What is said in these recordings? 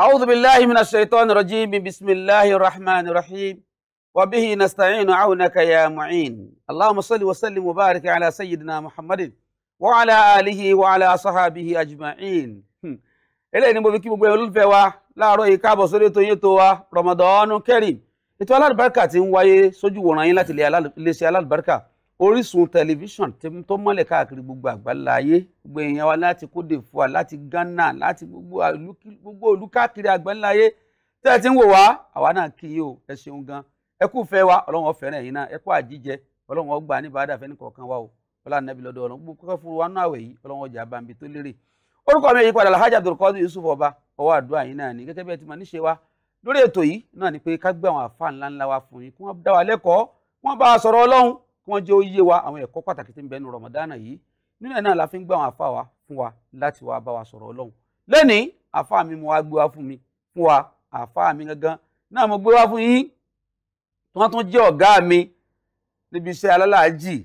أعوذ بالله من الشيطان الرجيم بسم الله الرحمن الرحيم وبه نستعين عونك يا معين اللهم صل وسلم وبارك على سيدنا محمد وعلى آله وعلى صحابه أجمعين eléyìí ni mo fi kí gbogbo olólùfẹ́ wa láàárọ̀ yìí káàbọ̀ sórí ètò yín tó wa Ramadan Kareem ètò alálùbáríkà ti ń wáyé sójú wòran yín láti iléeṣẹ́ alálùbáríkà orísun tẹlifíṣàn tó mọ́lẹ̀ káàkiri gbogbo àgbáńlá ayé gbogbo èèyàn wa láti Côte d'Ivoire láti Ghana láti gbogbo ìlú káàkiri àgbáńlá ayé tẹ́ ẹ ti ń wò wá àwa náà kì í o ẹ ṣeun gan ẹ kú fẹ́ wa ọlọ́run ọ̀fẹ́ràn ẹ̀yin náà ẹ kú àjíjẹ ọlọ́run ọgbà ní bàdà fẹ́ nìkọ̀ọ̀kan wa o ọlọ́run nàbí lọ́dọ̀ ọ̀run gbogbo kọ́kọ́ fún wa náà àwẹ̀ yìí ọlọ́run ọjà bambi tó lérè orúkọ mi yìí padà Alhaji Abdulkadir Yusuf Ọba ọwọ́ àdúrà yìí náà ni gẹ́gẹ́ bí ẹ ti máa níṣe wa lórí ètò yìí náà ni pé ká gbé àwọn àfa ńláńlá wa fún yín kí wọ́n dá wa lẹ́kọ̀ọ́ wọ́n bá a sọ̀rọ̀ ọlọ́run kí wọ́n jẹ́ ó yé wa àwọn ẹ̀kọ́ pàtàkì tí ń bẹnu Ramadan yìí nínú ẹ̀ náà la fi ń gbọ́ àwọn àfa wa fún wa láti wá bá wa sọ̀rọ̀ Ọlọ́run lẹ́nìí àfa mi mo wá gbé wá fún mi fún wa àfa mi gangan náà mo gbé wá fún yín tí wọ́n tún jẹ́ ọ̀gá mi níbi iṣẹ́ alálàájì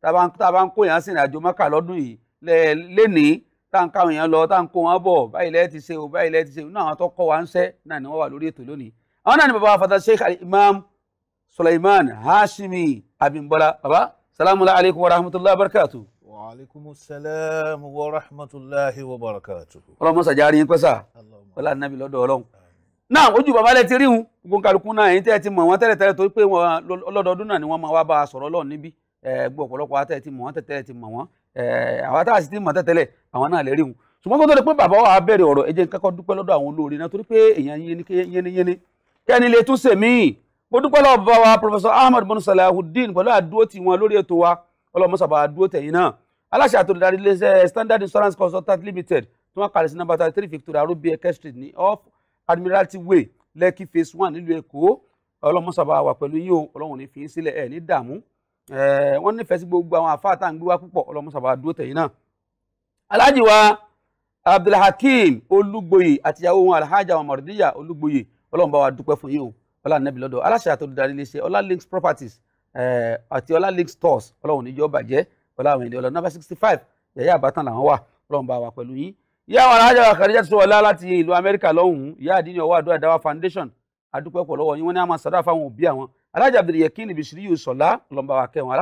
tá a bá ń kó yẹn sìn àjò Mẹ́kà lọ́dún yìí lẹ́nìí tá n káwọn èèyàn lọ tá n kó wọn bọ̀ báyìí lẹ́ẹ̀ ti ṣe o báyìí lẹ́ẹ̀ ti ṣe o náà àwọn tó kọ́ wa ń ṣẹ́ náà ni wọ́n wà lórí ètò lónìí àwọn náà ni bàbá wa fata Sheikh Imam suleiman hashimi abimbola baba salamu alaykum wa rahmatulahi wa barakatu. wa alaykum salaam wa rahmatulahi wa barakatu. ọlọmọ sàjárí yín pẹ́sà ọlá nàbí lọ́dọ̀ ọlọ́run. náà ojú bàbá rẹ ti rí hun gbogbo kálukú náà èyí tẹ́ ẹ ti mọ̀ wọ́n tẹ́lẹ̀ tẹ́lẹ̀ torí pé ọlọ́dọọdún náà ni wọ́n máa wá bá a sọ̀rọ̀ ọlọ́run níbí gbogbo ọ̀pọ̀lọpọ̀ àtẹ̀ ti mọ̀ wọ́n tẹ́lẹ̀ ti mọ̀ wọ́n àwọn tá a sì ti mọ̀ tẹ́tẹ́lẹ̀ àwọn náà lè rí hun ṣùgbọ́n kó tó lè pé bàbá wa bẹ̀rẹ̀ ọ̀rọ̀ ẹ jẹ́ dúpẹ́ lọ́dọ̀ àwọn olóore náà torí pé èèyàn yẹni yẹni kẹ́ni lè tún sèmíì mo dúpẹ́ lọ́wọ́ bá wa professor ahmed bonu salahuddin pẹ̀lú àdúró tí wọn lórí ètò wa ọlọ́mọsàbà àdúró tẹ̀yìn náà aláṣẹ àtòlùdarí iléeṣẹ́ standard insurance consultant limited tí wọ́n kàlẹ̀ sí number thirty three victoria rubi eke street ní off admiralty way lekki phase one nílùú èkó ọlọ́mọsàbà wà pẹ̀lú yín o ọlọ́run ní fi í sílẹ̀ ẹ̀ ní dààmú wọ́n nífẹ̀ẹ́ sí gbogbo àwọn àfáà tá à ń gbé wá púpọ̀ ọlọ́mọsàbà àdúró tẹ̀yìn náà aláàjì wa abdulhakeem ọlá nẹ́bí lọ́dọ̀ aláṣẹ àti olùdarí iléeṣẹ́ ọlá links properties eh, àti ọlá links stores ọlọ́run níjọ́ bàjẹ́ ọlá àwọn ènìyàn ọlọ́run number sixty five yẹ̀yẹ́ àbátan làwọn wà ọlọ́run bá wà pẹ̀lú yín. ìyá àwọn alájà kàdíjà tó wọlé láti ìlú amẹ́ríkà lọ́hùn-ún ìyá àdínní ọwọ́ àdúrà dáwà foundation adúpẹ́ pọ̀ lọ́wọ́ yín wọ́n ní àmọ́ sàdá fáwọn òbí àwọn alájà abdul yakin bisiri yìí sọ̀lá ọlọ́run bá wà kẹwọn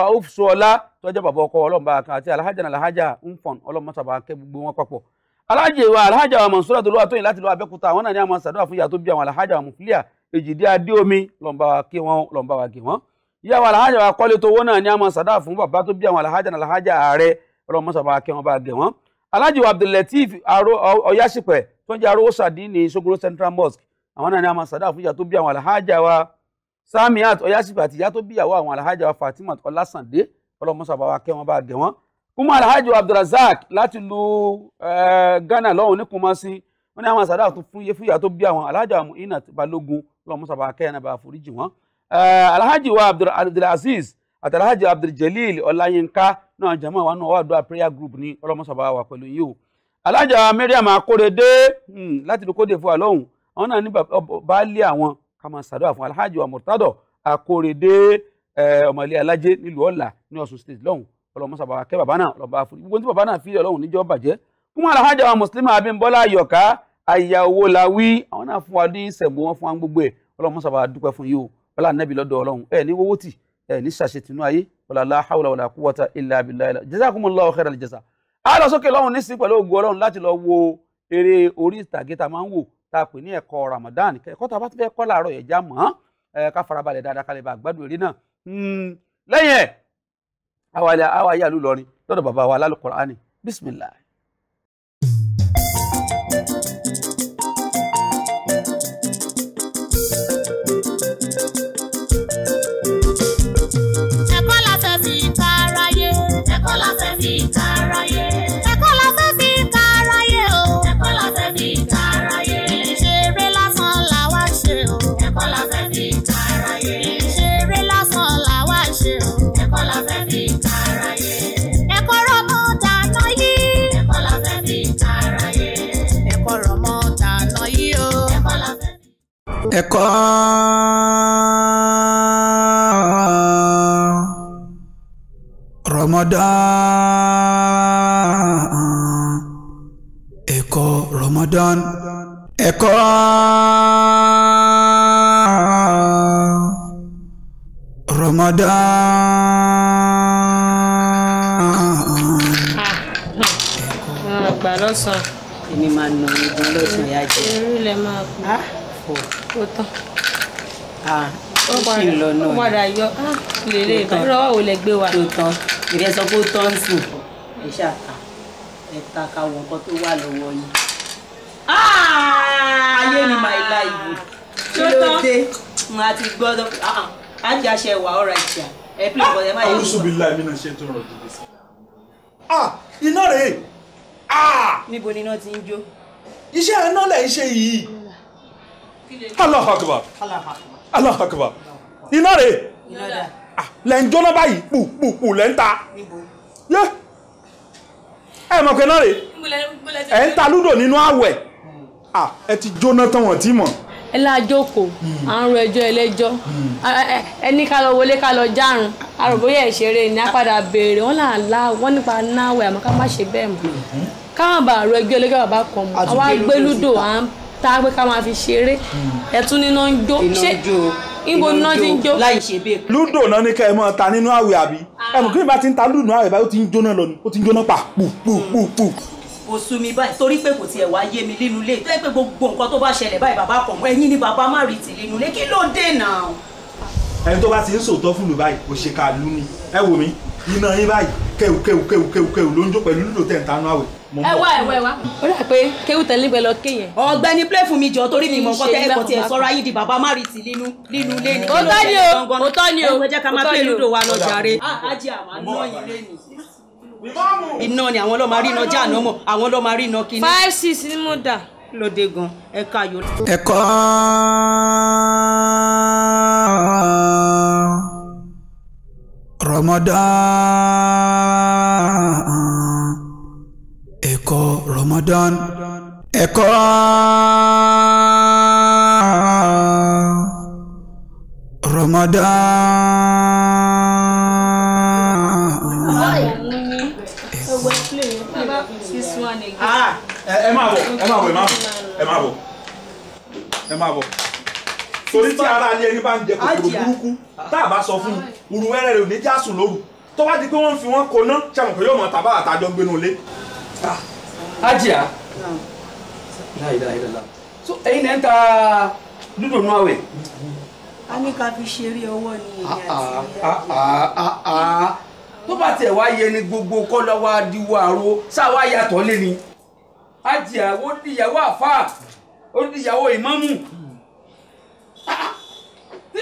rauf sọ̀lá tọ́jà bàbá ọkọ ọlọ́run bá wà kàn àti alájà náà alájà ń fọ̀n ọlọ́run alájẹ wa alhaja wa Mansura tó lówà tóyìn láti lọ Abẹ́òkúta àwọn náà ní àwọn sàdúrà fún ìyá tó bí àwọn alhaja wa Mufliya Èjìdé Adéomi lọ́nba wa kí wọ́n lọ́nba wa kí wọ́n ìyá wa alhaja wa Kọ́lé tó wọ́n náà ní àwọn sàdúrà fún bàbá tó bí àwọn alhaja náà alhaja ààrẹ ọlọ́mọ sàbà kí wọ́n bá gẹ̀ wọ́n alhaji wa Abdulateef Ọ̀yáṣìpẹ̀ tó ń jẹ́ Central Mosque àwọn náà ní àwọn sàdúrà fún ìyá tó bí àwọn Samiat Ọ̀yáṣìpẹ̀ àti ìyá tó bí ìyàwó àwọn alhaja Fatima Ọlásàndé ọlọ́mọ sàbà wa kí wọ́n kúmọ̀ alhaji abdulrasaq láti lu eh, ghana lọ́hùn ní kúmọ́sí wọ́n ní àwọn àsàdá tó fún iye fúyà tó bí àwọn alhaji àwọn iná balógun lọ́mú sábà kẹ́yìn náà bá foríjì wọn. Eh, alhaji wa abdulaziz àti alhaji abduljalil ọláyínká náà jẹ́mọ́ wa náà wà prayer group ní ọlọ́mú sábà wà pẹ̀lú yìí o. alhaji wa mariam akórèdé hmm, láti lu kóde fún wa lọ́hùn àwọn náà ní baálé àwọn ká máa ṣàdúrà alhaji wa murtado akórèdé eh, ọmọlẹ́ alájẹ nílùú ọ̀là ní ọ̀ṣun state lọ́hùn ọlọ́mọ sàbàwà kẹ́ bàbá náà ọlọ́ba àforí gbogbo tí bàbá náà fi ọlọ́run níjọ́ bàjẹ́ fún alhaja wa mùsùlùmí abímbọ́lá ayọ̀ká àyà owó la wí àwọn náà fún wa ní sẹ̀gbọ́n wọn fún wa gbogbo ẹ̀ ọlọ́mọ sàbàwà dúpẹ́ fún yìí o ọlá nẹ́bí lọ́dọ̀ ọlọ́run ẹ̀ ní wọ́wọ́ tì ẹ̀ ní sàṣetìnú ayé ọlọ́lá hawla wàlá kúwọ́ta ilà khairal jaza. a lọ sókè lọ́run nísìnyí pẹ̀lú ògùn ọlọ́run wo eré orí ìtàgé ta máa ń wò tá a pè ní ẹ̀kọ́ ramadan ẹ̀kọ́ tá a bá ti fẹ́ àwa yà lù lọrin lọ́dọ̀ bàbá wa lálùkùránì bísímìlà. ẹ̀kọ́ Ramadan ẹ̀kọ́ Ramadan ẹ̀kọ́. Ah, ó tán. ó sì ń lọ náà ó padà yọ lélẹ̀ ìrọ̀wọ́ wo lẹ gbé wa. ó tán ìrẹ́ sọ pé ó tán sùn ẹ ṣáàkà ẹ ta ka wọ nǹkan tó wà lọ́wọ́ yín. Ah, ayé ni màá ilá ìbò kí ló dé màá ti gbọ́dọ̀ àti àṣẹ ìwà ọ̀rọ̀ ìṣà ẹ pè bọ́ ẹ má yẹ. olùsùn mi láì mí náà ṣe tó rọ̀ dìde sí. Ah, iná rèé. níbo ni iná ti ń jó. iṣẹ́ iná lẹ̀ ń ṣe yìí allah akbar allah akbar inare rè ah, lẹ́ ń jóná báyìí pùpùpù lẹ́ ń ta yé ẹ mọ̀ pé náà rè ẹ ń ta lúdò nínú àwẹ̀ hmm. ah, ẹ ti jóná tán wọ́n mọ̀ ẹ la jókòó hmm. àrùn ẹjọ́ ẹlẹ́jọ́ hmm. ẹni ká lọ wọlé ká lọ járun àròbóyè ìṣeré ni a padà béèrè wọn là ń la wọn nípa náwẹ àmọ́ ká má ṣe bẹ́ẹ̀ mọ́ káwọn bá àrùn ẹjọ́ ẹlẹ́jọ́ bàbá kan mọ́ àwa gbé à ń tá a pé ká máa fi ṣeré hmm. ẹ tún ń jó ṣé níbo níná ti ń jó. láì ṣe bẹ́ẹ̀. lúdò náà ní kẹ́ ẹ mọ́ ta nínú àwẹ̀ àbí ah. ẹ kí ni bá ti ń ta lúdò àwẹ̀ báyìí ó ti ń jóná lọ ni ó ti ń jóná pa pù pù pù hmm. pù kò sú mi báyìí torí pé kò tiẹ̀ wá yé mi nínú ilé tó yẹ pé gbogbo nǹkan tó bá ṣẹlẹ̀ báyìí bàbá kọ̀ mọ́ ẹ̀yin ni bàbá má rí tì nínú ilé kí ló dé náà. ẹni tó bá ti ń sòótọ́ fún mi báyìí kò ṣe ká lù ní ẹ wò mí iná yín báyìí kẹwù kẹwù kẹwù kẹwù ló ń jó pẹ̀lú lílo tẹ̀ ń tanú àwẹ̀ ẹ wá ẹ ó dà pé kéwù tẹ̀lé bẹ lọ kéyẹn. ọ̀gbẹ́ni play fún mi jọ torí mi mọ̀ kọ́tẹ́ ẹ̀kọ́ tiẹ̀ sọ́ra yìí di bàbá márì tì nínú nínú ilé ní. òótọ́ ni o òótọ́ ni o ẹgbẹ́jẹ́ ká máa pè lúdò wa ah, iná ni àwọn ọlọ́mọ aríná jẹ́ àná mọ̀ àwọn ọlọ́mọ aríná kíní. five six ni mo dà. lóde gan ẹ̀ka yòó. ẹ̀kọ́ Ramadan ẹ̀kọ́ Ramadan ẹ̀kọ́ Ramadan. ẹ máa bọ̀ ẹ máa bọ̀ ẹ máa bọ̀ ẹ máa bọ̀ torí tí ara alẹ́ ẹni bá ń jẹ kòkòrò burúkú tá a bá sọ fún un òru wẹ́rẹ́ ò ní jásùn lóru tó bá di pé wọ́n ń fi wọ́n koná ṣàmùkọ́ yóò mọ̀ tàbá àtàjọ gbénu lé. Ah. hajiya ah? la ilaha illallah so ẹ̀yin náà ń ta lúdò nù àwẹ̀. a ní ká fi ṣeré ọwọ́ ni èyí àti ah, tó bá tiẹ̀ wá yẹ ni gbogbo kọ́ lọ wá diwọ àrò sáwá yàtọ̀ lé ni hajiya ó di ìyàwó àfáà ó di ìyàwó ìmámù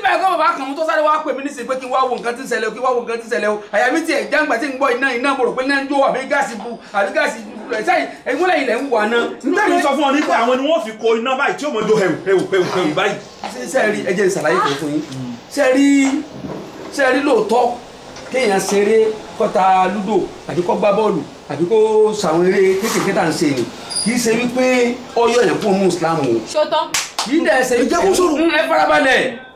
níbẹ̀ ẹ̀kọ́ bàbá kan tó sáré wá pè mí nísìnyí pé kí n wá wo nǹkan tí ń ṣẹlẹ̀ o kí n wá wo nǹkan tí ń ṣẹlẹ̀ o àyà mi tiẹ̀ jáǹgbà tí ń gbọ́ iná iná mo rò pé náà ń jó àbí gáàsì bu àbí gáàsì rẹ̀ sẹ́yìn ẹ̀gbọ́n lẹ́yìn lẹ́ ń wà náà. nígbà tí sọ fún ọ nípa àwọn ni wọ́n fi ko iná báyìí tí ó mọ̀ hẹ̀wù hẹ̀wù hẹ̀wù báyìí. sẹ́ẹ̀rí kéèyàn ṣeré kọ́ta lúdò àbí kó gbá bọ́ọ̀lù àbí kó ṣàwọn eré kéékèèké tá à ń ṣe ni kì í ṣe wípé ọyọ yẹn kó mú Islam o. ṣọtán. kì í dẹ̀ ṣe. ìjẹ́kùsọ̀rọ̀. ẹ farabalẹ̀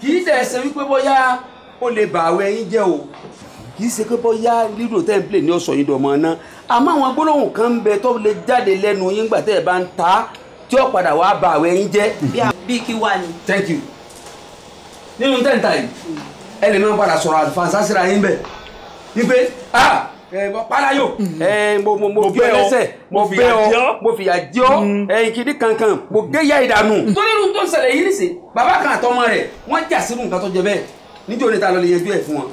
kì í dẹ̀ wípé bóyá ó lè bà àwẹ̀ yín jẹ́ o kì ṣe pé bóyá lílo tẹ́ ní ọ̀sọ̀ yín dọ̀mọ́ náà àmọ́ àwọn gbólóhùn kan ń bẹ tó lè jáde lẹ́nu yín gbà tẹ́ ẹ bá ń ta tí ó padà wá bà àwẹ̀ yín jẹ́. bí kí wà ní. thank you nínú tẹ́ǹtà yìí ẹ lè máa padà sọ̀rọ̀ àlùfáàsásíra yín bẹ̀ wípé ah palayo mo mo mo bí ẹlẹ́ṣẹ̀ mo bẹ́ ọ mo fìyà jẹ ọ mm. ìkíní kankan mo gé ya ìdànù. Mm. torí irun tó ń ṣẹlẹ̀ yìí nìsín bàbá kan àtọmọ rẹ̀ wọ́n jà sínú nǹkan tó jẹ bẹ́ẹ̀ níjó ni ta ló lè yanjú ẹ̀ fún wọn.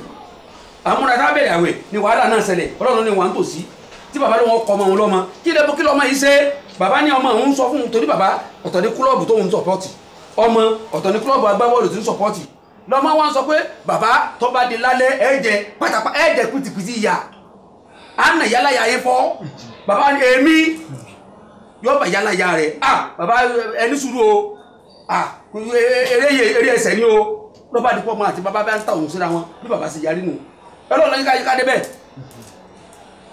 àmúra tábẹ̀rẹ̀ àwẹ̀ ni wàhálà náà ṣẹlẹ̀ ọlọ́run ni wà ń tòsí tí bàbá ló wọn kọ ọmọ òun lọ́mọ kí lẹ́bù kí lọ́mọ yìí ṣe bàbá ní ọmọ òun sọ fún un torí bàbá ọ̀tọ̀ ní kúlọ̀bù tó ń sọ̀pọ̀tì ọmọ ọ̀tọ̀ ní kúlọ̀bù agbábọ́ọ̀lù tó ń sọ̀pọ̀tì lọ́mọ wọn sọ pé bàbá tó bá di lálẹ́ ẹ̀ jẹ pátápátá ẹ̀ jẹ pìtìpìtì ìyá ana àna yálàyà yẹn fọ́ bàbá èmi yóò bá yálàyà rẹ̀ ah bàbá ẹni suru o à ah, eré ẹsẹ̀ ni o lọ́ba àdìpọ̀ mọ́ àti bàbá bá ń ta òun síra wọn bí bàbá sì yarí nù ẹ lọ́ọ́ lọ́yìn de débẹ̀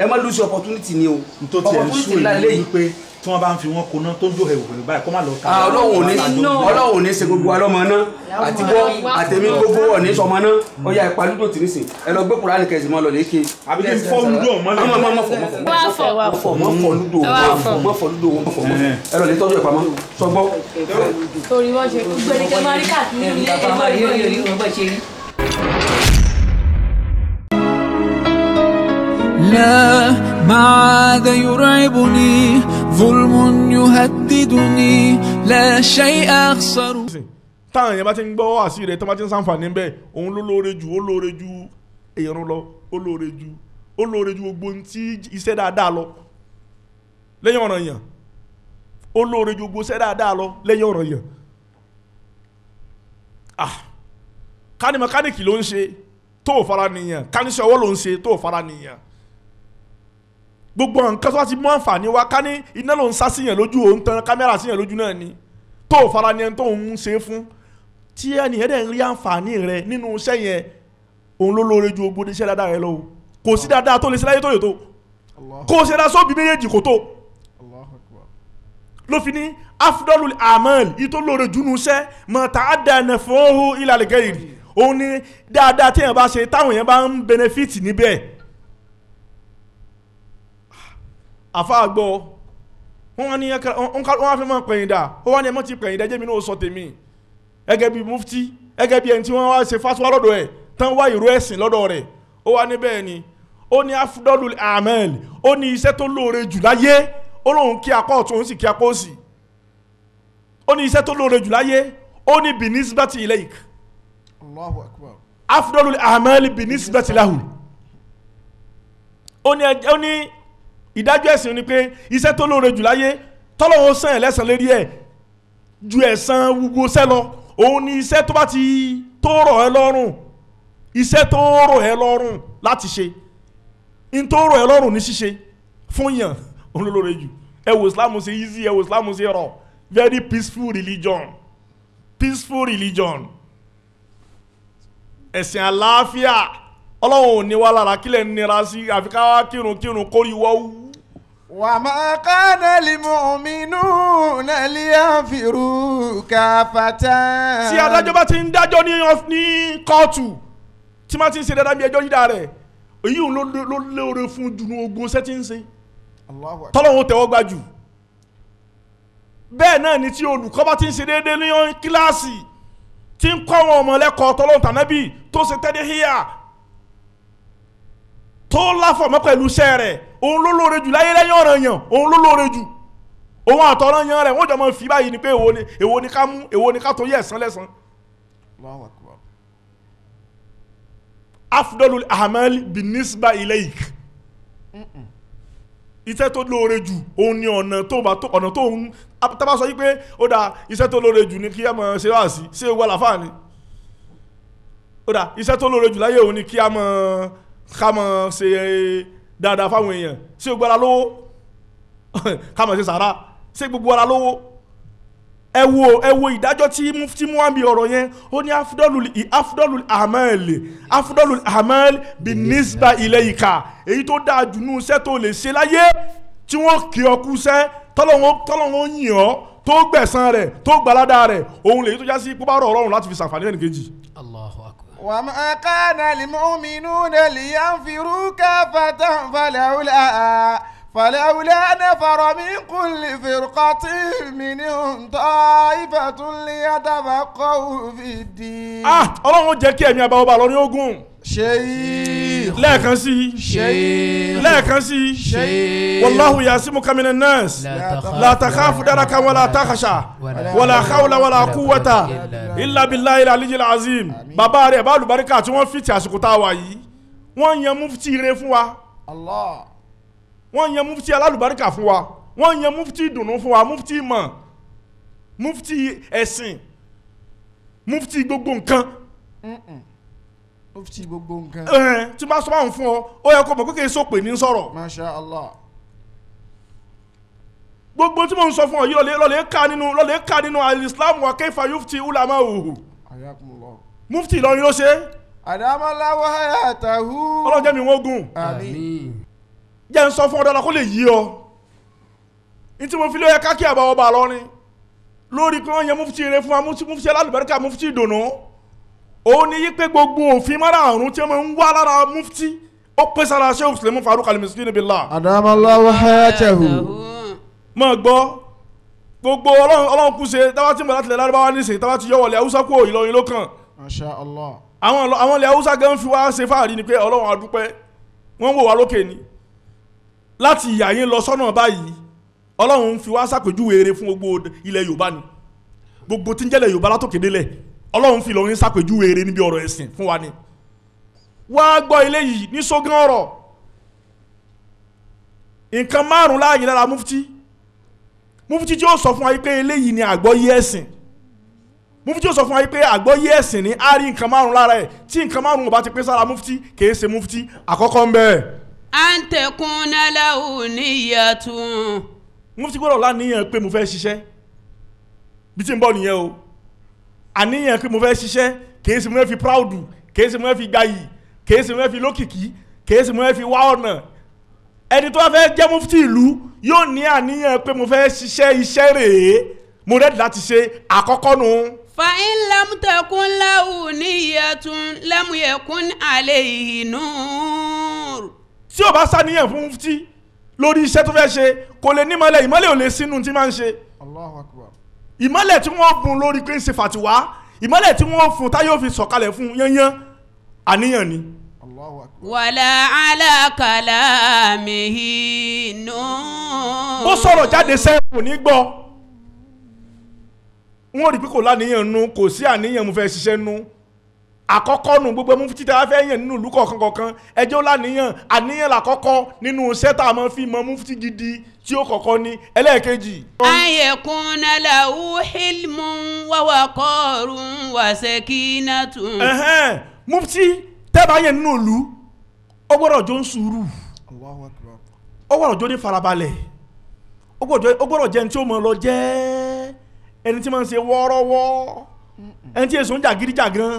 ẹ má lose opportunity ni o opportunity ńlá lẹ́yìn tí wọ́n bá ń fi wọn koná tó ń jó ẹ̀wù pẹ̀lú báyìí kó má lọ ká. Ah, ọlọ́run ò ní ọlọ́run ò ní ṣe gbogbo alọ́mọ náà àti bọ́ àtẹ̀mí gbogbo ọ̀ ní sọmọ náà ó yà ìpa lúdò tì nísìn ẹ lọ gbé kúránì kẹsì mọ́ lọ léke. àbí kí n fọ́ lúdò mọ́ lọ. mọ́ mọ́ fọ́ mọ́ fọ́ mọ́ fọ́ lúdò mọ́ fọ́ lúdò mọ́ fọ́ mọ́ ẹ lọ lè tọ́jú ẹ̀ pamọ́ sọgbọ́. torí wọ́n ṣe gbẹ̀rẹ̀ لا ما عاد يرعبني ظلم يهددني لا شيء أخسر táwọn èèyàn bá ti ń gbọ́ àṣì rẹ̀ tó bá ti ń sàǹfààní bẹ́ẹ̀ òun ló lóore ju ó lóore ju èèyàn lọ ó lóore ju ó lóore ju gbogbo tí iṣẹ́ dáadáa lọ lẹ́yìn ọ̀ràn yàn ó lóore ju gbogbo iṣẹ́ dáadáa lọ lẹ́yìn ọ̀ràn yàn ah ká ní mẹkáníìkì ló ń ṣe tó fara nìyàn ká ní sọ ọwọ́ ló ń ṣe tó fara nìyàn gbogbo nǹkan tó bá ti mú àǹfààní wa ká ní iná ló ń sá síyàn lójú òun tan kámẹ́rà síyàn lójú náà ni tó o fara ni ẹni tó ń ṣe fún tí ẹni ẹ̀dẹ̀ ń rí àǹfààní rẹ nínú iṣẹ́ yẹn òun ló lóore ju ogbó iṣẹ́ dáadáa rẹ lọ o kò sí dáadáa tó lè ṣe láyé tó yòó tó kó o ṣe dáa sóbì méjèèjì kò tó ló fi ní afdolul amal ito lóore junu iṣẹ́ mọ̀tà àdánà fún òhun ìlàlẹ̀ gẹ̀yìn òun ni dáadáa téèyàn bá ṣe táwọn yẹn bá ń benefit níbẹ̀ àfa àgbọ̀ wọ́n wá ní wọ́n wá fẹ́ máa pẹ̀yìn ó wá ní ẹ ti pẹ̀yìn dà jẹ́mi náà sọ tèmi gẹ́gẹ́ bí mufti gẹ́gẹ́ bí ẹni tí wọ́n wá ṣe fásitì lọ́dọ̀ ẹ̀ tán wá ìró ẹ̀sìn lọ́dọ̀ rẹ̀ ó wá ní ni ó ní afdalul amel ó ní iṣẹ́ tó lóore jù láyé ó lóun kí akọ́ ọ̀tún òun sì kí akọ́ òsì ó ní iṣẹ́ tó lóore jù láyé ó ní binisbati ilayk Allahu akbar afdalul amel binisbati lahu ó ní ìdájọ́ ẹ̀sìn ni pé iṣẹ́ tó lóore jù láyé tọ́lọ́wọ́ sàn ẹ̀ lẹ́sàn lérí ẹ̀ ju ẹ̀san gbogbo sẹ́ lọ òun ni iṣẹ́ tó bá ti tó rọ̀ ẹ́ lọ́rùn iṣẹ́ tó rọ̀ ẹ́ lọ́rùn láti ṣe n tó rọ̀ ẹ́ lọ́rùn ní ṣíṣe fún yàn òun ló lóore jù ẹ wò Islam ṣe easy ẹ wò Islam ṣe rọ̀ very peaceful religion peaceful religion ẹ̀sìn àlàáfíà ọlọ́run ò ní wá lára kílẹ̀ nira sí àfi ká wá kírun kírun kórìíwọ́ wú وما كان للمؤمنون ليغفروا كافة. tí adájọ́ bá ti ń dájọ́ ní ní kóòtù tí má ti ń ṣe dáadáa bí ẹjọ́ yídà rẹ̀ èyí ò ló lóore fún dunu ogun ṣẹ́ tọ́lọ́hún tẹ̀wọ́ gbà jù bẹ́ẹ̀ náà ni tí olùkọ́ bá ti ń ṣe déédéé ní kíláàsì tí ń kọ́ àwọn ọmọ lẹ́kọ̀ọ́ tọ́lọ́hún tànábì tó ṣe tẹ́lẹ̀ híyà tó láfọ̀mọ́ pẹ̀lú iṣẹ́ rẹ̀ òun ló lóore jù láyé lẹ́yìn ọ̀ràn yàn òun ló lóore jù òun àtọ̀ràn yàn rẹ̀ wọ́n jọ máa fi báyìí ni pé èwo ni èwo ni ká mú èwo ni ká tó yẹ ẹ̀sán lẹ́sàn. afdolul ahmal binisba ilayk iṣẹ́ tó lóore jù òun ni ọ̀nà tó bá tó ọ̀nà tó ń tábà sọ yí pé ó dà iṣẹ́ tó lóore jù ni kí ẹ máa ṣe wá sí ṣé o wà láfààní ó dà iṣẹ́ tó lóore jù láyé òun ni kí ẹ máa ká se ṣe eh, dáadáa fáwọn èèyàn ṣé gbogbo ara lówó ká se ṣe sàrà ṣé gbogbo ara lówó ẹ wo ẹ wo ìdájọ́ tí mú wá bí ọ̀rọ̀ yẹn ó ní afdọ́lùl afdọ́lùl amel afdọ́lùl amẹ́ẹ̀lì bí nísbà ilẹ̀ ìka èyí tó dáa jù nù iṣẹ́ tó lè ṣe láyé tí wọ́n kí ọkú sẹ́ tọ́lọ́wọ́n tọ́lọ́wọ́n yìn ọ́ tó gbẹ̀san rẹ̀ tó gbalada rẹ̀ òun lè yí tó já sí pípa ọ̀rọ̀ láti fi ṣàǹfààní ẹnì kejì. Allahu akbar. wa ma kana lil mu'minuna liyanfiru kaffatan falawla falawla nafara min kulli firqatin minhum ta'ifatun liyatafaqqahu fid-din. ah ọlọ́run jẹ́ kí ẹ̀mí àbáwọ́ bá ní ogun sheikh lẹ́ẹ̀kan sí i sheikh lẹ́ẹ̀kan sí i sheikh wàláhu yasimuka minan nas la takhafu darakan wala takhasha wala hawla wala quwwata illa billahi aliyyil azim bàbá rẹ̀ báàlù barika tí wọ́n fi ti àsìkò tá a wà yan mufti re fún wa wọ́n yan mufti alálùbáríkà fún wa wọ́n yan mufti dùnú fún wa mufti mọ̀ mufti ẹ̀sìn mufti gbogbo nǹkan. Mm -mm ó fi gbogbo nǹkan. tí bá sọ báwọn fún ọ ó yẹ kó mọ̀ pé kí n sọpè ní sọ̀rọ̀. masha allah. gbogbo tí mo ń sọ fún ọ yìí lọ́lẹ́ lọ́lẹ́ ká nínú lọ́lẹ́ ká nínú alislam wa kẹfà yufti ulama òhù. mufti Ìlọrin ló ṣe. àdámọ́lá wáyà tàhú. ọlọ́jẹ́ mi wọ́n gùn. àmín. jẹ́ ń sọ fún ọ dáadáa kó lè yí ọ. ní tí mo fi lé ọ yẹ ká kí àbáwọ̀ bá lọ́rin lórí pé wọ́n yẹ mufti ire fún wa mufti alálùbáríkà mufti ìdùnnú ó ní yí pé gbogbo òfin márààrún tí wọ́n ń wá lára mufti ó pè sára sheikh suleiman faruk alimiskin bila. adamalawo hayatahu. mọ̀ gbọ́ gbogbo ọlọ́run kù se táwa ti mọ̀ láti lẹ̀ lárúbáwá nísìnyí táwa ti yọ wọlé haúsá kúrò ìlọrin ló kàn. masha allah. àwọn àwọn ilẹ̀ haúsá gan fi wá ṣe fáàrí ni pé ọlọ́run adúpẹ́ wọ́n wò wá lókè ni láti ìyá yín lọ sọ́nà báyìí ọlọ́run fi wá ṣàpèjúwe eré fún gbogbo ilẹ̀ yorùbá ni gbogbo tí ń jẹ́lẹ̀ yorùbá látòkè délẹ̀ ọlọ́run fi Ìlọrin ṣàpèjúwe eré níbi ọ̀rọ̀ ẹ̀sìn fún wa ni wá gbọ́ ilé yìí ní sógán ọ̀rọ̀ nǹkan márùn láàyè lára mufti mufti tí ó sọ fún wa pé eléyìí ni àgbọ́yé ẹ̀sìn mufti ó sọ fún wa pé àgbọ́yé ẹ̀sìn ni a rí nǹkan márùn lára ẹ̀ tí nǹkan márùn ò bá ti pé sára mufti kìí ṣe mufti àkọ́kọ́ ń bẹ. à ń tẹkun nálà ò ní ìyàtọ̀. mufti gbọ́dọ̀ láníyàn pé mo fẹ́ ṣiṣẹ́ bí tí ń bọ̀ nìyẹn o àníyàn pé mo fẹ́ ṣiṣẹ́ kì í sì mo fẹ́ fi proud kì í sì mo fẹ́ fi gbayì kì í sì mo fẹ́ fi lókìkí kì í sì mo fẹ́ fi wá ọ̀nà ẹni tó bá fẹ́ jẹ́ mufti ìlú yóò ní àníyàn pé mo fẹ́ ṣiṣẹ́ iṣẹ́ rèé mo rẹ́dì láti ṣe àkọ́kọ́ nu. fa in lam takun lahu niyyatun lam yakun tí o bá ṣàníyàn fún mufti lórí iṣẹ́ tó fẹ́ ṣe kò lè ní ìmọ̀lẹ̀ ìmọ̀lẹ̀ ò lè sínú tí máa ń ṣe. Allahu Akbar ìmọ́lẹ̀ tí wọ́n bùn lórí pé ń ṣe fàtiwá ìmọ́lẹ̀ tí wọ́n fún táyọ̀ fi sọ̀kalẹ̀ fún yányán àníyàn ni. wàlà alákàlà mihi nù. ó sọ̀rọ̀ jáde sẹ́yìn kò ní gbọ́ wọ́n rí i pé kò láníyàn nu kò sí àníyàn mo fẹ́ ṣiṣẹ́ nu àkọ́kọ́ nu gbogbo mufti tí a fẹ́ yàn nínú ìlú kọ̀ọ̀kan kọ̀ọ̀kan ẹjọ́ láníyàn àníyàn làkọ́kọ́ nínú iṣẹ́ tá a máa fi mọ gidi tí ó kọ́kọ́ ní ẹlẹ́ẹ̀kejì. ayẹkun alahu hilmu wawakorun wasekinatu. mufti tẹ́bà yẹn nínú ìlú ó gbọ́dọ̀ jó ń sùúrù ó gbọ́dọ̀ jó ní farabalẹ̀ ó gbọ́dọ̀ jẹ́ ẹni tí ó mọ̀ lọ jẹ́ ẹni tí máa ń ṣe wọ́ọ́rọ́wọ́ ẹni tí èso ń jà gíríjà gan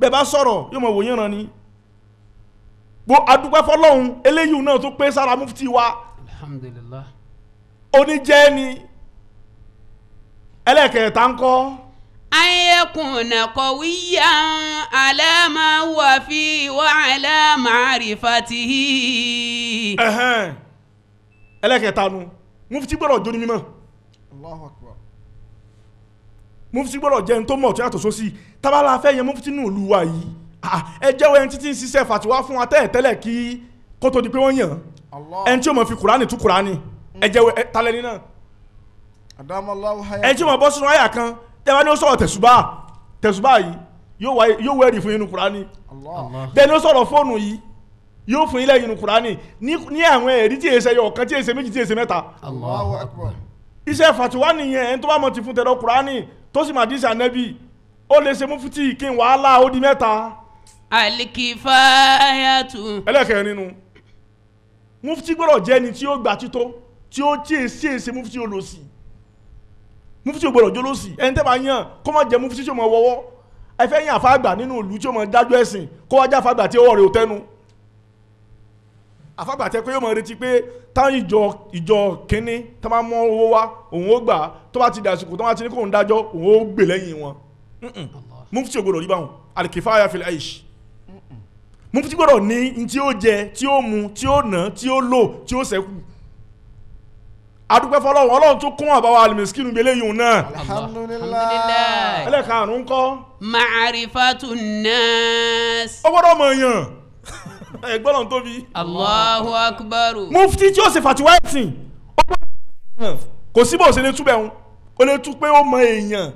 bẹ́ẹ̀ bá sọ̀rọ̀ yóò mọ̀ wòye ràn ni. bó adúpẹ́ fọlọ́hún eléyìí náà tó pé sára mufti wa alhamdulillah. oníjẹ́ ni ẹlẹ́kẹ̀ẹ́ta ń kọ́. ayẹkùnà kọ̀wíyà aláma wà fi wà aláma àrífàtìhì. ẹlẹ́kẹ̀ẹ́ta nu mufti gbọ́dọ̀ jó ní mímọ́. Allahu mufti gbọ́dọ̀ jẹ́ ní tó mọ̀ tó yàtọ̀ sósì tábàlà afẹ́ yẹn mufti nù lù wá yìí ah, ẹ jẹ́wọ́ ẹni títí ń ṣiṣẹ́ fàtiwá fún wa tẹ́lẹ̀ tẹ́lẹ̀ kí kó di pé wọ́n yàn ẹni tí o mọ̀ fi kùránì tú kùránì ẹ̀jẹ̀ talẹ́ni náà ẹni tí o mọ̀ bọ́ sínú àyà kan tẹ́wọ́n ní ó sọ̀rọ̀ tẹ̀sùbá tẹ̀sùbá yìí yóò wẹ́ẹ̀rì fún yín nu kùránì bẹ́ẹ̀ ni ó sọ̀rọ̀ fóònù yìí yóò fún yín lẹ́yìn nu kùránì ní àwọn ẹ̀rí tí èsè yọ ọ̀kan tí èsè méjì tí èsè mẹ́ta. Allahu Akbar. iṣẹ́ fàtiwá nìyẹn ẹni tó bá mọ̀ ti fún tẹ̀lé kùránì tó sì máa dín sí ànẹ́bì ó lè ṣe mufti kí n wàhálà ó di mẹ́ta. alikifayatu. ẹlẹ́kẹ̀ẹ́ nínú mufti gbọ́dọ̀ jẹ́ ẹni tí ó gbà títọ́ tí ó tí èsì èsì mufti olòsì mufti ò gbọ́dọ̀ jólòsì ẹni tẹ́ bá yàn kó má jẹ́ mufti tí ó mọ wọ́wọ́ ẹ fẹ́ yàn àfàgbà nínú ìlú tí ó mọ dájú ẹ̀sìn kó wá já àfàgbà tí ọwọ́ rẹ̀ ò tẹ́nu àfàgbà tẹ́ pé yóò mọ retí pé táwọn ìjọ ìjọ kínní tó bá mọ owó wá òun ó gbà tó bá ti dàsìkò tó bá ti ní kóun dájọ́ òun ó gbè lẹ́yìn wọn mufti gbọ́dọ̀ rí báwọn alikifaya fil aish mufti gbọ́dọ̀ ní tí ó jẹ tí ó mu tí ó ná tí ó lò tí ó ṣẹ́kù adúpẹ́ fọlọ́run ọlọ́run tó kún àbáwá alimiskinu bẹ́lẹ̀ yìí náà. alhamdulilayi. ẹlẹ́karùn-ún kọ́. maarifatu nas. ó gbọ́dọ̀ mọ̀ èèyàn ẹ̀gbọ́n náà tóbi. allahu akbar. mufti tí ó ṣe fatiwa ẹ̀sìn ó gbọ́dọ̀ kò síbò ó ṣe lè tú bẹ̀ ń ó lè tú pé ó mọ èèyàn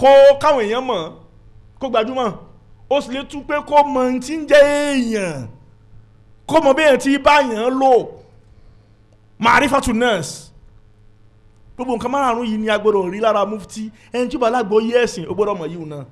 kó káwọn èèyàn mọ̀ kó gbajúmọ̀ ó sì lè tún pé kó mọ ohun tí ń jẹ́ èèyàn kó mọ bí èèyàn ti bá yàn lò màrífàtú nurse gbogbo nǹkan márààrún yìí ni a gbọ́dọ̀ rí lára mufti ẹni tí bàálà gbọ́ yé ẹ̀sìn ó gbọ́dọ̀ mọ̀ yìí náà.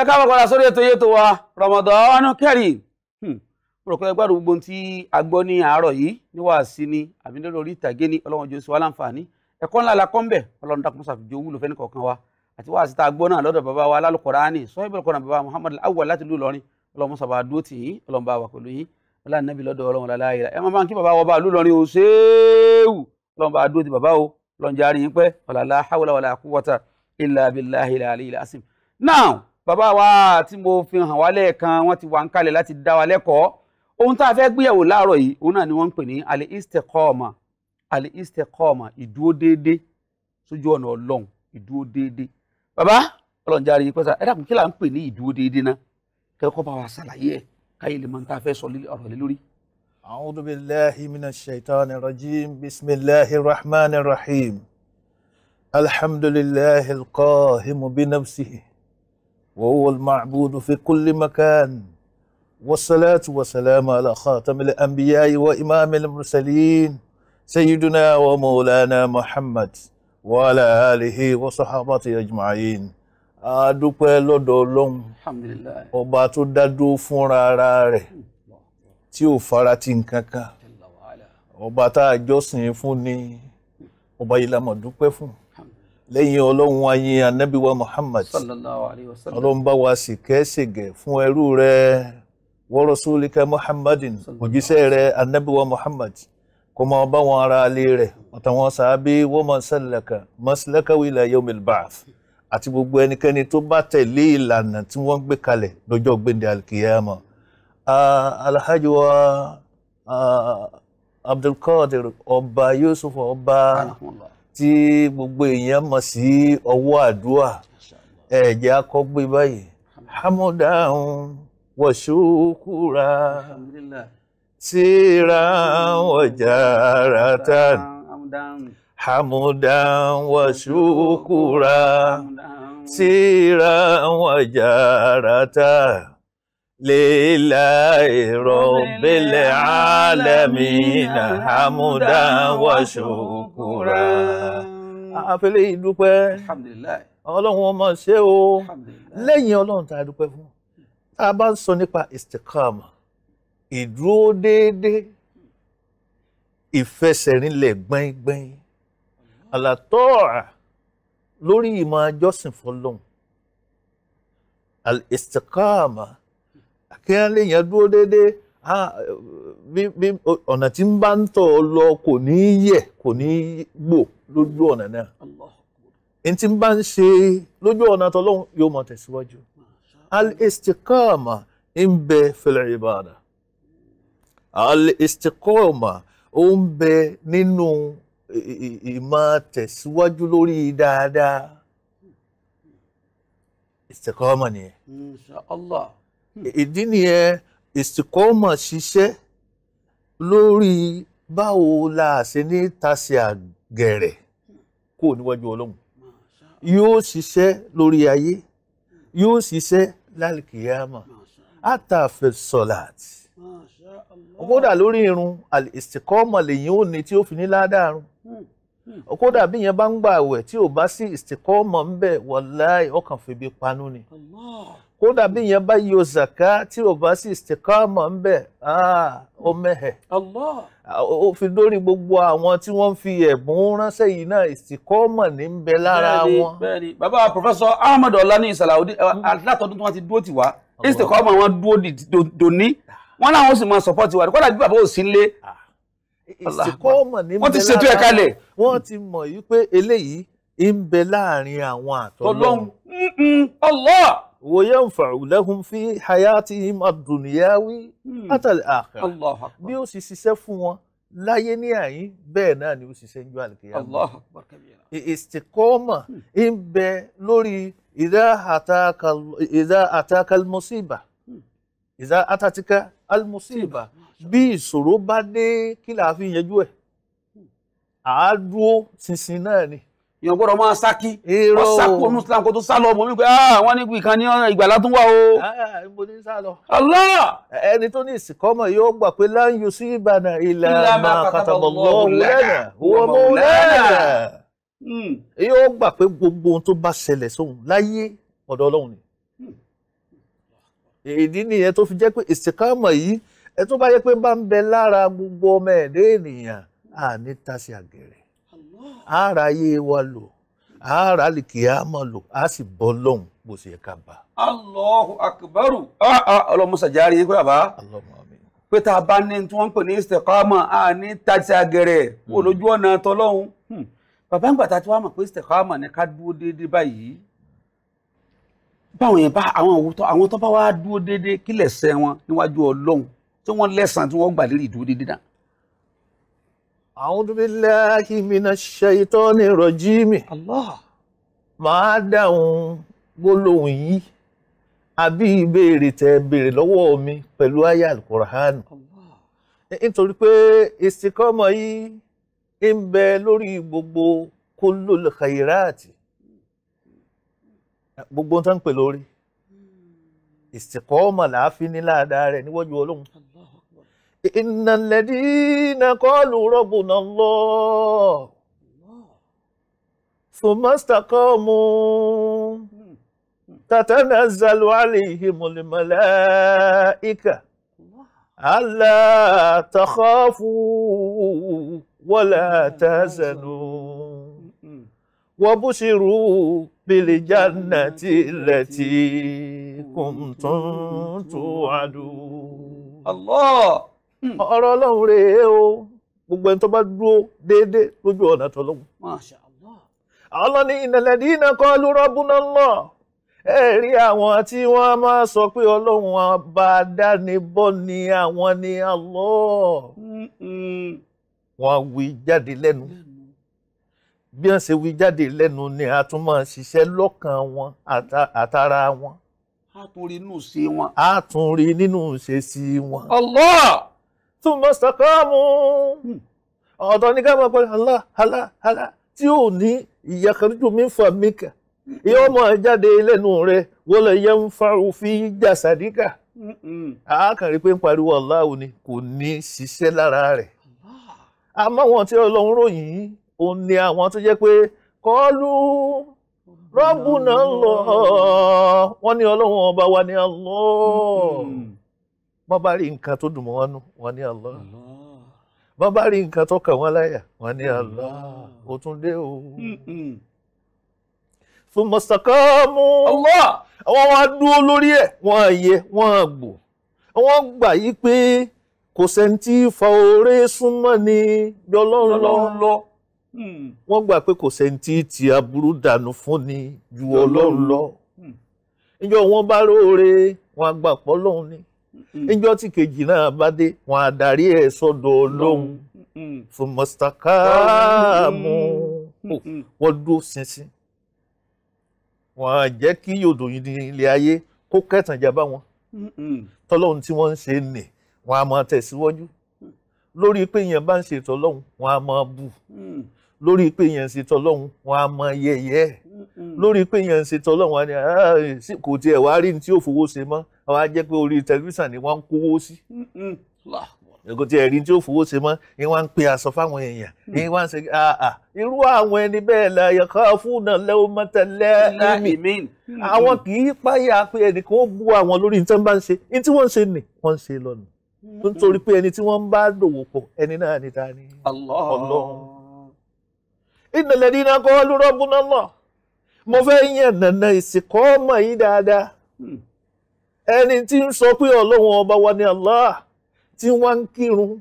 ẹ káàbọ̀ padà sórí ètò yẹtò wa Ramadan Kareem hmm. mo rò pé ẹgbẹ́ àdúgbò tí a gbọ́ ní àárọ̀ yìí níwáàsí ni àbí lórí ìtàgé ni ọlọ́run jésù aláǹfààní ẹ̀kọ́ ńlá la kọ́ ń bẹ̀ ọlọ́run dákun sàfijì owó lò wa àti wáàsí tá a gbọ́ náà lọ́dọ̀ bàbá wa alálùkọ̀rání sọ́yìnbó kọ́nà bàbá muhammad awwal láti lù lọ́rin ọlọ́mọ sábà dúró tì yín ọlọ́mọ bá wà pẹ̀lú yín ọlá nàbí lọ́dọ̀ ọlọ́mọ láláyé rẹ̀ ẹ máa máa kí bàbá wa bá lù lọ́rin o ṣéèwù ọlọ́mọ bá dúró ti bàbá o lọ́njarí yín pẹ́ ọ̀làlá hawla wàlà quwwata illa billahi ìdúró déédéé bàbá ọlọ́njà rí pẹ́sà ẹ dàkún kí là ń pè ní iduwo déédéé ná ke ko bá wa ṣàlàyé ẹ̀ káyé lè mọ tá fẹ́ sọ ọ̀rọ̀ lé lórí. a'udhu billahi minash shaitanir rajim bismillahir rahmanir rahim alhamdulillahil qahim bi nafsihi wa huwa al ma'bud fi kulli makan والصلاة والسلام على خاتم الأنبياء وإمام المرسلين سيدنا ومولانا محمد wa ala alihi wa sahabati ajma'in a dúpẹ́ lọ́dọ̀ ọlọ́run ọba tó dádúró fúnra ara rẹ̀ tí ò fara ti nǹkan kan ọba tá a jọ́sìn fún ni ọba yìí la mọ̀ dúpẹ́ fún lẹ́yìn ọlọ́run ayé anábíwá muhammad ọlọ́run bá wa ṣìkẹ́ṣìgẹ̀ fún ẹrú rẹ̀ wa rasulika muhammadin òjíṣẹ́ rẹ̀ anábíwá muhammad kó máa bá wọn ara alé rẹ̀ àtàwọn sàábé wọ́n máa sàlàkà maslakahu ila yawmil ba'th àti gbogbo ẹnikẹ́ni tó bá tẹ̀lé ìlànà tí wọ́n gbé kalẹ̀ lọ́jọ́ gbéǹde alkiyama alhaji wa abdulkadir ọba yusuf ọba tí gbogbo èèyàn mọ̀ sí ọwọ́ àdúrà ẹ̀jẹ̀ akọgbé báyìí hamudan wa shukura. Alhamdulillah. سيرا وجارة حمدا وشكرا سيرا وجارة لله رب العالمين حمدا وشكرا àfẹ́lẹ́ yìí dúpẹ́ ọlọ́run ọmọ ṣé o lẹ́yìn ọlọ́run tá a dúpẹ́ fún tá a bá ń sọ nípa istikama ìdúró déédéé ìfẹsẹ̀rinlẹ̀ gbẹ́ngbẹ́ng àlàtọ́ọ̀à lórí ìmọ̀ ajọ́sìn fọlọ́hún al-istiqama yẹn dúró déédéé bí ọ̀nà tí ń bá ń tọ̀ lọ kò ní yẹ̀ kò ní gbò lójú ọ̀nà náà n tí ń bá ń ṣe lójú ọ̀nà tọ́lọ́hún yóò máa tẹ̀síwájú al ń bẹ ibada. istikọ́ọ̀mà ó ń bẹ nínú ìmọ̀ tẹ̀síwájú lórí dáadáa istikọ́ọ̀mà nìyẹn. Inshallah. Hmm. ìdí nìyẹn istikọ́ọ̀mà ṣiṣẹ́ lórí báwo la ṣe ní tasí àgẹ̀rẹ̀ kó níwájú ọlọ́run yóò ṣiṣẹ́ lórí ayé yóò ṣiṣẹ́ lálìkìyàmà àtàfẹ́ sọ̀láàtì kódà lórí irun ìsìkọ́mọ̀ lèyìn ò ní tí ó fi ní ládàárún hmm, hmm. kódà bí yẹn bá ń gbà wẹ̀ tí ò bá sí ìsìkọ́mọ̀ ń bẹ̀ wàláì ọkàn fèbè panu ni kódà bí yẹn bá yọ zaka tí ò bá sí ìsìkọ́mọ̀ ń bẹ̀ ah, ó mẹ́hẹ̀ ó fi dórí gbogbo àwọn tí wọ́n fi ẹ̀bùn ránṣẹ́ yìí náà ìsìkọ́mọ̀ ní ń bẹ lára wọn. bàbá pòfẹ́sọ̀ Ahmed Ọlá ní ìsàlàwọ́dí hmm. látọ̀dún tí wọ́n ti dúró tì wá ìsìkọ́mọ̀ wọn dúró dòní wọ́n láwọn sì máa support wa kọ́lá bí bàbá ò sí lé. Ah. ìsìnkú ọmọ ní wọ́n ti ṣètò ẹ̀ kalẹ̀. wọ́n ti mọ̀ yí pé eléyìí ń bẹ láàrin àwọn àtọ́lọ́hún. Allah wa yanfa'u lahum fi hayatihim ad-dunyawi hmm. atal akhirah. bí ó sì ṣiṣẹ́ fún wọn láyé ní àyín bẹ́ẹ̀ náà ni ó ṣiṣẹ́ ń jọ àlùkìyà. ìsìkọ́mọ̀ hmm. ń bẹ lórí ìdá àtàkàlmọ́síbà ìdá àtàtìkà almusiba bí ìṣòro bá dé kí là á fi yanjú ẹ̀ àá dúró ṣinṣin náà ni. èèyàn gbọ́dọ̀ máa sákí wọ́n sákó onú islam kó tó sá lọ mọ̀ wípé ah, wọ́n ní ìkan ní ìgbàlá tó wà o. Ah, mo ní sá lọ. ẹni tó ní ìsìnkọ́mọ̀ yóò gbà pé lan yusibana illa ma kataballahu lana huwa hmm. yóò gbà pé gbogbo ohun tó bá ṣẹlẹ̀ sóhun láyé ọ̀dọ̀ ọlọ́run ni ìdí nìyẹn tó fi jẹ́ pé ìsìnkámọ̀ yìí ẹ tó bá yẹ pé bá ń bẹ lára gbogbo ọmọ ẹ̀dẹ́ ènìyàn à ní tàṣì àgẹ̀rẹ̀ ara ayé wa lò ara àlìkìyàmọ̀ lò á sì bọ́ lọ́hùn bó ṣe ká bá. Allahu akbaru ọlọmọsàjárì yìí pé bàbá pé tá a bá ní tí wọ́n ń pè ní ìsìnkámọ̀ à ní tàṣì àgẹ̀rẹ̀ hmm. kó lójú ọ̀nà tọ́lọ́hún hmm. bàbá ń gbà tá a ti wá mọ̀ pé ìsìnkámọ̀ ni ká dúró déédéé báyìí báwọn yẹn bá àwọn òwútọ́ àwọn tó bá wá dúró déédéé kí lẹ̀ṣẹ̀ wọn níwájú Ọlọ́run tí wọ́n lẹ́san tí wọ́n gbà lérí ìdúró déédéé náà. A'udhu billahi minash shaitani rajim. Allah. Màá dáhùn gbólóhùn yìí àbí ìbéèrè tẹ béèrè lọ́wọ́ mi pẹ̀lú àyá al Nítorí pé istiqama yìí ń bẹ lórí gbogbo kullul khairati gbogbo ohun tó ń pè lórí hmm. ìsìnkọ́ọ̀mọ̀ làáfin ní láàdá rẹ̀ níwájú ọlọ́run. inna alladhina qalu rabbuna Allah thumma istaqamu hmm. Hmm. tatanazzalu alayhimul malaika alla takhafu wala tahzanu wa بالجنة التي كنتم توعدون الله ọ̀rọ̀ ọlọ́run o gbogbo ẹni tó bá dúró déédéé lójú ọ̀nà tọ́lọ́run. Masha Allah. àwọn lọ ẹ̀rí àwọn tí wọ́n máa sọ pé ọlọ́run ọba dánibọ́ ni àwọn ni Allah hmm, hmm. wọ́n wí jáde lẹ́nu. bí wọ́n ṣe wí jáde lẹ́nu ni a tún máa ṣiṣẹ́ lọ́kàn wọn àtara wọn. a tún rí nínú ṣe wọn. a tún rí nínú ṣe sí wọn. Allah túmọ̀ sàkámù ọ̀dọ́ ní ká máa pẹ́ Allah Allah Allah tí ò ní ìyàkàrújù mi fà mí kà yóò máa jáde lẹ́nu rẹ̀ wọ́n lè yẹ ń fa òfin jàsàdíkà. àákàrí pé ń pariwo Allah ni kò ní ṣiṣẹ́ lára rẹ̀. àmọ́ wọn tí Ọlọ́run ròyìn yìí òun ni àwọn tó jẹ́ pé kọ́lù rọ́bù náà lọ wọ́n ní ọlọ́run ọba wa ní Allah hmm. wọ́n bá rí nǹkan tó dùn mọ́ wọn nú wọ́n ní Allah wọ́n bá rí nǹkan tó kàn wọ́n láyà wọ́n ní Allah O tún dé o. fún hmm. mọ̀sàkámù àwọn wa dúró lórí ẹ̀ wọ́n yẹ wọ́n gbò wọ́n gbà yí pé kò sẹ́ni tí fa oore súnmọ́ ni bí ọlọ́run lọ. Hmm. wọ́n gbà pé kò sẹ́ńtì tí aburú dànù fún ni ju ọlọ́run lọ ìjọ hmm. wọn bá lóore wọn á gbà pọ́ lọ́hùn ni ìjọ hmm. tí kejì náà bá dé wọn á darí ẹ̀ sọ́dọ̀ ọlọ́hun fún mọ́sítákàmù wọ́n dúró ṣinṣin wọn á jẹ́ kí yòdò yìí ní ilé ayé kó kẹtànjà bá wọn tọ́lọ́hun tí wọ́n ń ṣe nì wọ́n á máa tẹ̀síwájú lórí pé èèyàn bá ń ṣètò ọlọ́hun wọ́n á máa bù lórí pé yẹn ń ṣe tọlọ́hún wọn á mọ yẹyẹ lórí pé yẹn ń ṣe tọlọ́hún wọn ni ah, kò tiẹ̀ wá rí ní tí yóò fowó ṣe mọ́ àwọn á jẹ́ pé orí tẹlifíṣàn ni wọ́n ń kówó sí kò tiẹ̀ rí tí ó fowó ṣe mọ́ ni wọ́n ń pe aṣọ fáwọn èèyàn ni wọ́n ń ṣe àà ah, irú àwọn ẹni bẹ́ẹ̀ la yẹ̀kọ́ fún náà lẹ́wọ́ mọ́tẹ́lẹ́ ẹ̀mí àwọn kì í páyà pé ẹnìkan ó bú àwọn lórí nǹkan bá ń ṣe ní tí wọ́n ń ṣe nì wọ́n ń ṣe lọ́nà nítorí pé ẹni tí wọ́n ń bá dòwò pọ̀ ẹni náà ni ta ni ọlọ́run. ìnàlẹ́dínà kọ́ọ́lù rọ́bùnà lọ mo fẹ́ yàn nànà ìsìnkú ọmọ yìí dáadáa hmm. ẹni tí ń sọ pé ọlọ́run ọba wa ni Allah tí wọ́n ń kírun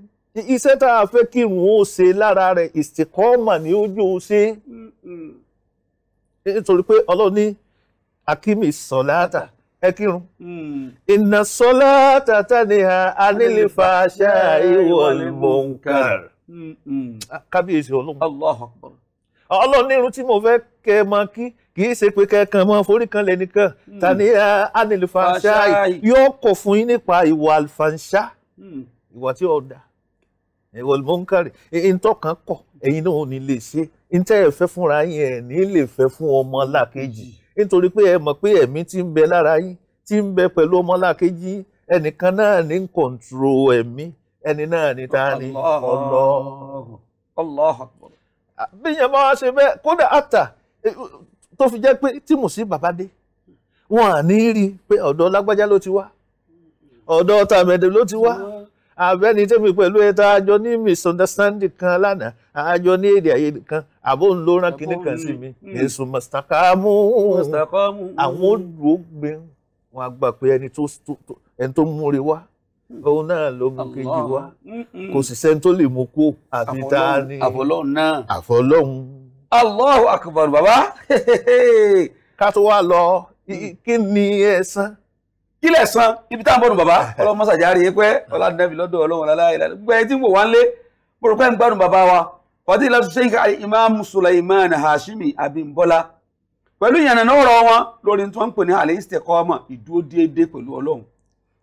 iṣẹ́ tá a fẹ́ kírun ó ṣe lára rẹ̀ ìsìnkú ọmọ ni ojú ó ṣe hmm. nítorí pé ọlọ́run ní akimi ẹ kírun. Hmm. kábíyèsí ọlọ́run nírun tí mo fẹ́ kẹ́ mọ kí kì í ṣe pé kẹ́kàn mọ́ forí kan lẹ́nìkan hmm. ta ni anilfanṣá yóò kọ̀ fún yín nípa ìwà alfanṣá hmm. ìwà tí ó dá ìwà olùmọ̀nkárì ìtọ́kàn kọ̀ ẹ̀yin náà ò ní lè ṣe ìtẹ́ ẹ̀ fẹ́ fúnra yín ẹ̀ ní lè fẹ́ fún ọmọ làkejì hmm. nítorí pé ẹ mọ̀ pé ẹ̀mí ti ń bẹ lára yín ti ń bẹ pẹ̀lú ọmọ làkejì ẹnìkan náà ní ń kọ̀ǹtró ẹ̀mí ẹni náà ní ta ni ọlọ́ọ̀ bí yẹn bá wá ṣe bẹ́ẹ̀ kódà àtà eh, tó fi jẹ́ pé tí mùsí bàbá dé wọn à ní rí i pé ọ̀dọ̀ lágbájá ló ti wá ọ̀dọ̀ tàmẹ̀dẹ̀ ló ti wá abẹ́ni tẹ́mi pẹ̀lú ẹ̀ta àjọ ní misunderstanding kan lánàá àjọ ní èdè àìyedè kan àbó ń lo ran kan sí mi èso mọ̀sítàkámù àwọn olùgbé wọn àgbà pé ẹni tó múre wá òun náà ló mú kejì wá kò sì sẹ́ni tó lè mú kó àfi tá a ní àfọlọ́hún náà àfọlọ́hún. Allahu akbar bàbá. ká tó wá lọ kí ni ẹ san kí lẹ̀ san ibi tá à ń bọ̀dùn bàbá ọlọ́mọ sàjáre yẹ pé ọládùnẹ́bí lọ́dọ̀ ọlọ́run aláìlá gbogbo ẹni tí mo wá ń lé mo rò pé ń gbádùn bàbá wa wàtí ìlàtú sẹ́yìn ká ìmáàmù Sulaiman Hashimi Abimbola pẹ̀lú ìyànnà náà rọ wọn lórí tí wọ́n ń pè ní àlẹ́ ìsìtẹ̀kọ́ ọmọ ìdúró déédéé pẹ̀lú ọlọ́run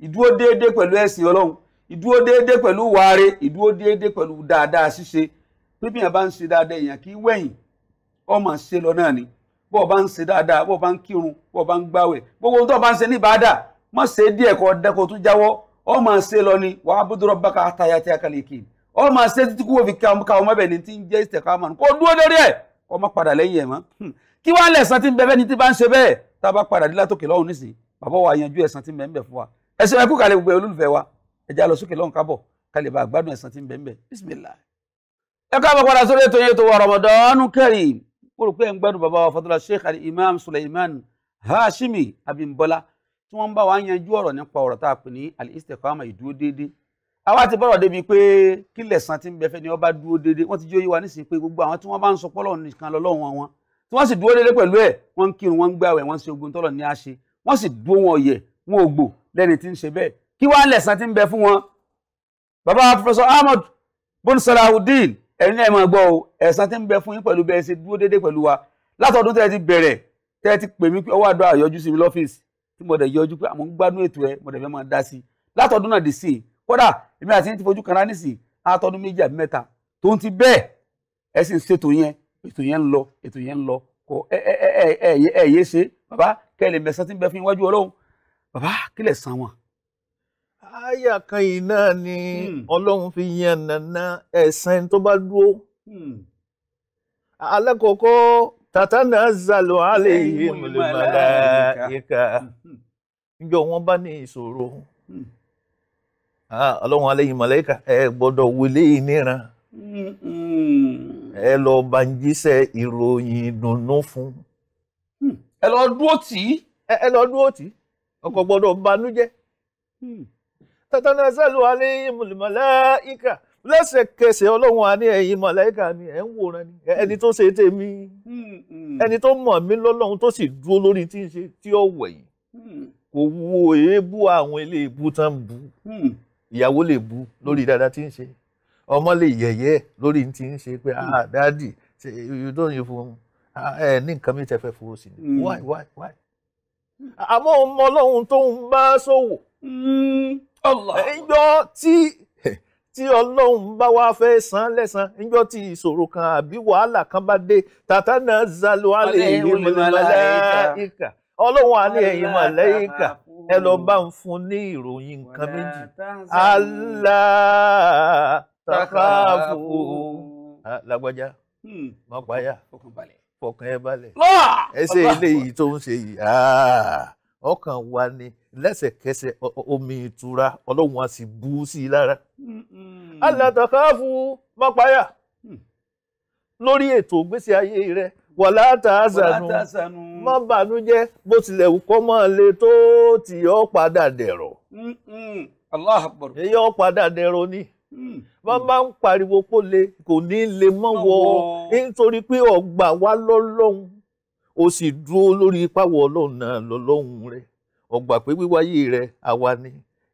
ìdúró déédéé pẹ̀lú ẹ̀sìn ọlọ́run ìdúró déédéé pẹ̀lú wàre ìdúró déédéé pẹ̀lú dáadáa ṣíṣe pé bí èèyàn bá ń ṣe dáadáa èèyàn kì í wẹ̀yìn ọmọ ṣe lọ náà ni bó o bá ń ṣe dáadáa bó o bá ń kírun bó o bá ń gbáwẹ̀ gbogbo ohun tó o bá ń ṣe ní ìbáàdà mọ̀ ṣe díẹ̀ kọ́ dẹ́kọ̀ tó jáwọ́ ọmọ ṣe lọ ni wàá búdú rọ bákà àtàyà tí a kàlẹ̀ kì ọmọ ṣe títí kúwò fi ka ọmọ bẹ̀ ni ti ń jẹ́ ìṣẹ̀kámọ̀ kó dúró lórí ẹ̀ kó má padà lẹ́yìn ẹ̀ mọ́ hmm. kí wàá lẹ̀sán tí bẹ́ẹ̀ ni tí bá ń ṣe bẹ́ẹ̀ tá a bá padà dé látòkè lọ́hùn nísìnyí bàbá wa yanjú ẹ̀sán tí ń fún wa ẹsẹ̀ ẹkú kalẹ̀ gbogbo olólùfẹ́ wa ẹjẹ́ lọ sókè lọ́nkà bọ̀ kalẹ̀ bá gbádùn ẹ̀sán tí ń bẹ̀ ń bẹ̀ bismillah. ẹ káàbọ̀ padà sórí ètò yẹn tó wà Ramadan Kareem mo rò pé ẹ̀ gbádùn bàbá wa fatula sheikh ali imam suleiman hashimi abimbola tí wọ́n ń bá wa yanjú ọ̀rọ̀ nípa ọ̀rọ̀ tá a pè ní al-istiqama ìdúró déédéé àwa ti bọ̀rọ̀ débi pé kí lẹ̀sán ti ń bẹ fẹ́ni ọba dúró déédéé wọ́n ti jó yé wa nísìnyí pé gbogbo àwọn tí wọ́n bá ń sọ pọ́lọ́ nìkan lọ́lọ́run àwọn tí wọ́n sì dúró déédéé pẹ̀lú ẹ̀ wọ́n ń kírun wọ́n ń gbààwẹ̀ wọ́n ń ṣe ogun tọ́lọ̀ ní àṣe wọ́n sì dúró wọn ọ̀yẹ̀ wọn ò gbò lẹ́ni tí ń ṣe bẹ́ẹ̀ kí wá lẹ̀san tí ń bẹ fún wọn bàbá Professor Ahmad bun Salahuddin ẹ̀rín náà máa gbọ́ o ẹ̀san tí ń bẹ fún yín pẹ̀lú bẹ́ẹ̀ ṣe dúró déédéé pẹ̀lú wa látọdún tẹ́ ti bẹ̀rẹ̀ tẹ́ ti pè mí pé ọwọ́ àdúrà yọjú sí mi lọ́fíìsì tí mo dẹ̀ yọjú pé àmọ́ ń gbádùn ètò ẹ mo dẹ̀ fẹ́ máa dá sí i látọdún náà dì sí i kódà èmi àti yín ti fojú kan rání sí i àtọdún méjì àbí mẹ́ta tó ń ti bẹ́ẹ̀ ẹ sì ń ṣètò yẹn ètò yẹn ń lọ ètò yẹn ń lọ kò ẹ ẹ ẹ ẹ ẹ yé ṣe bàbá kẹ́ lè mẹ̀sán tí ń bẹ fún iwájú Ọlọ́run bàbá kílẹ̀ san wọn. àyà kan yìí náà ni hmm. ọlọ́run fi yan tó bá dúró. Hmm. alákọ̀ọ́kọ́ tata náà zàlọ́ àlẹ́ yìí mọ̀lẹ́mọ̀lá ìka níjọ́ wọn bá ní ìṣòro hmm. ọlọ́run yìí ẹ gbọ́dọ̀ wọlé yìí níran ẹ lọ banjíṣẹ́ ìròyìn nnụnụ fún. ẹ lọ dúró tì í. ẹ ọkọ gbọ́dọ̀ banújẹ́ hmm. tatanasalu alẹ mọlẹmọlẹika lẹ́sẹ̀kẹsẹ̀ Ọlọ́run àní ẹ̀yin mọlẹika mi ẹ ń wòran ni hmm. ẹni tó ṣe tèmi hmm, ẹni tó mọ̀ mí lọ́lọ́run tó sì dúró lórí tí ń ṣe tí ó wẹ̀yìn kò wo èébú àwọn eléèbú tán bú ìyàwó lè bú lórí dáadáa tí ń ṣe ọmọ lè yẹ̀yẹ́ lórí tí ń ṣe pé ah dadi you don't even ah, ẹ ní nǹkan mi tẹ fẹ́ fowó sí ni why why why àmọ́ ọmọ ọlọ́run tó ń bá ṣòwò. ẹjọ́ hmm, tí tí ọlọ́run bá wá fẹ́ san lẹ́san níjọ́ tí ìṣòro kan àbí wàhálà kan bá dé tàtà náà zalo alẹ́ ìwé mọ̀lẹ́yìká ọlọ́run alẹ́ ẹ̀yìn mọ̀lẹ́yìká ẹ lọ bá ń fún ní ìròyìn nǹkan méjì Allah takafu lágbájá mọ̀páyà. Hmm. fọkàn ẹ balẹ̀ ẹsẹ̀ eléyìí tó ń ṣe yìí ah! ọkàn wa ni lẹ́sẹ̀kẹsẹ̀ omi ìtura ọlọ́run á sì bú sí i lára. alàtàkà fún mọ́páyà hmm. lórí ètò ìgbésí ayé rẹ wà látàásánú má bànújẹ́ bó tilẹ̀ kọ́ máa le tó tí ó padà dẹ̀rọ̀. èyí ọ́ padà dẹ̀rọ̀ ni. Hmm. wọ́n máa ń pariwo kó le kò ní le mọ́ wọ nítorí pé ọgbà wa lọ́lọ́run ó sì dúró lórí ipáwọ̀ ọlọ́run náà lọ́lọ́run rẹ̀ ọgbà pé wíwáyé rẹ̀ àwa ni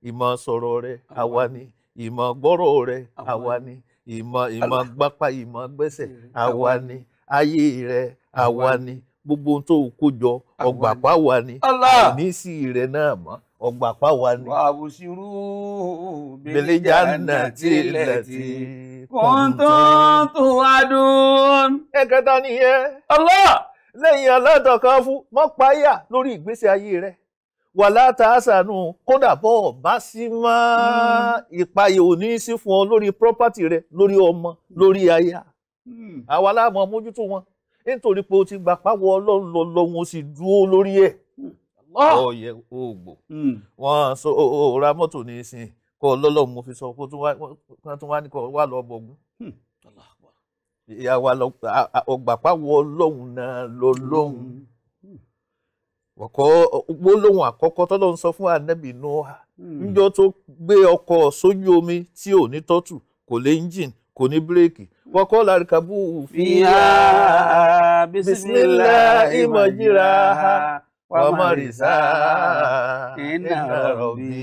ìmọ̀ sọ̀rọ̀ rẹ̀ àwa ni ìmọ̀ gbọ́rọ̀ rẹ̀ àwa ni ìmọ̀ ìmọ̀ gbápá ìmọ̀ gbẹ́sẹ̀ hmm. àwa ni ayé rẹ̀ àwa ni gbogbo ohun tó kó jọ ọgbà pàwa ni àìní sí náà mọ́ ọgbà pàwà ni. wà á wùsírù bèlèjà nà tilẹ̀ tí. kùntùn tó wá dùn. ẹ̀kẹta nìyẹn. Allah lẹ́yìn alátọ̀kan fún mọ́ páyà lórí ìgbésí ayé rẹ̀ wà látàásánù kódà bọ́ bá sí mọ́ hmm. ìpayà òní sí fún ọ lórí property rẹ lórí ọmọ lórí aya hmm. àwa láàmú ọmọ mójútó wọn nítorí pé o ti gbà pàwọ́ ọlọ́run lọ́wọ́ o sì dúró lórí ẹ̀. ọyẹ oògbò hmm. wọn so o ra mọ́tò ní ìsìn kọ lọ́lọ́run mo fi sọ kó tún wá ní kọ wà lọ bọgún ìyàwó ọgbàpá wọ náà lọ hmm. hmm. ọkọ àkọ́kọ́ sọ fún ànábì noah níjọ́ tó gbé ọkọ̀ sójú omi tí ò ní tọ́tù kò lé engine kò ní bírèkì wàmọ̀rìsá iná rọ̀bì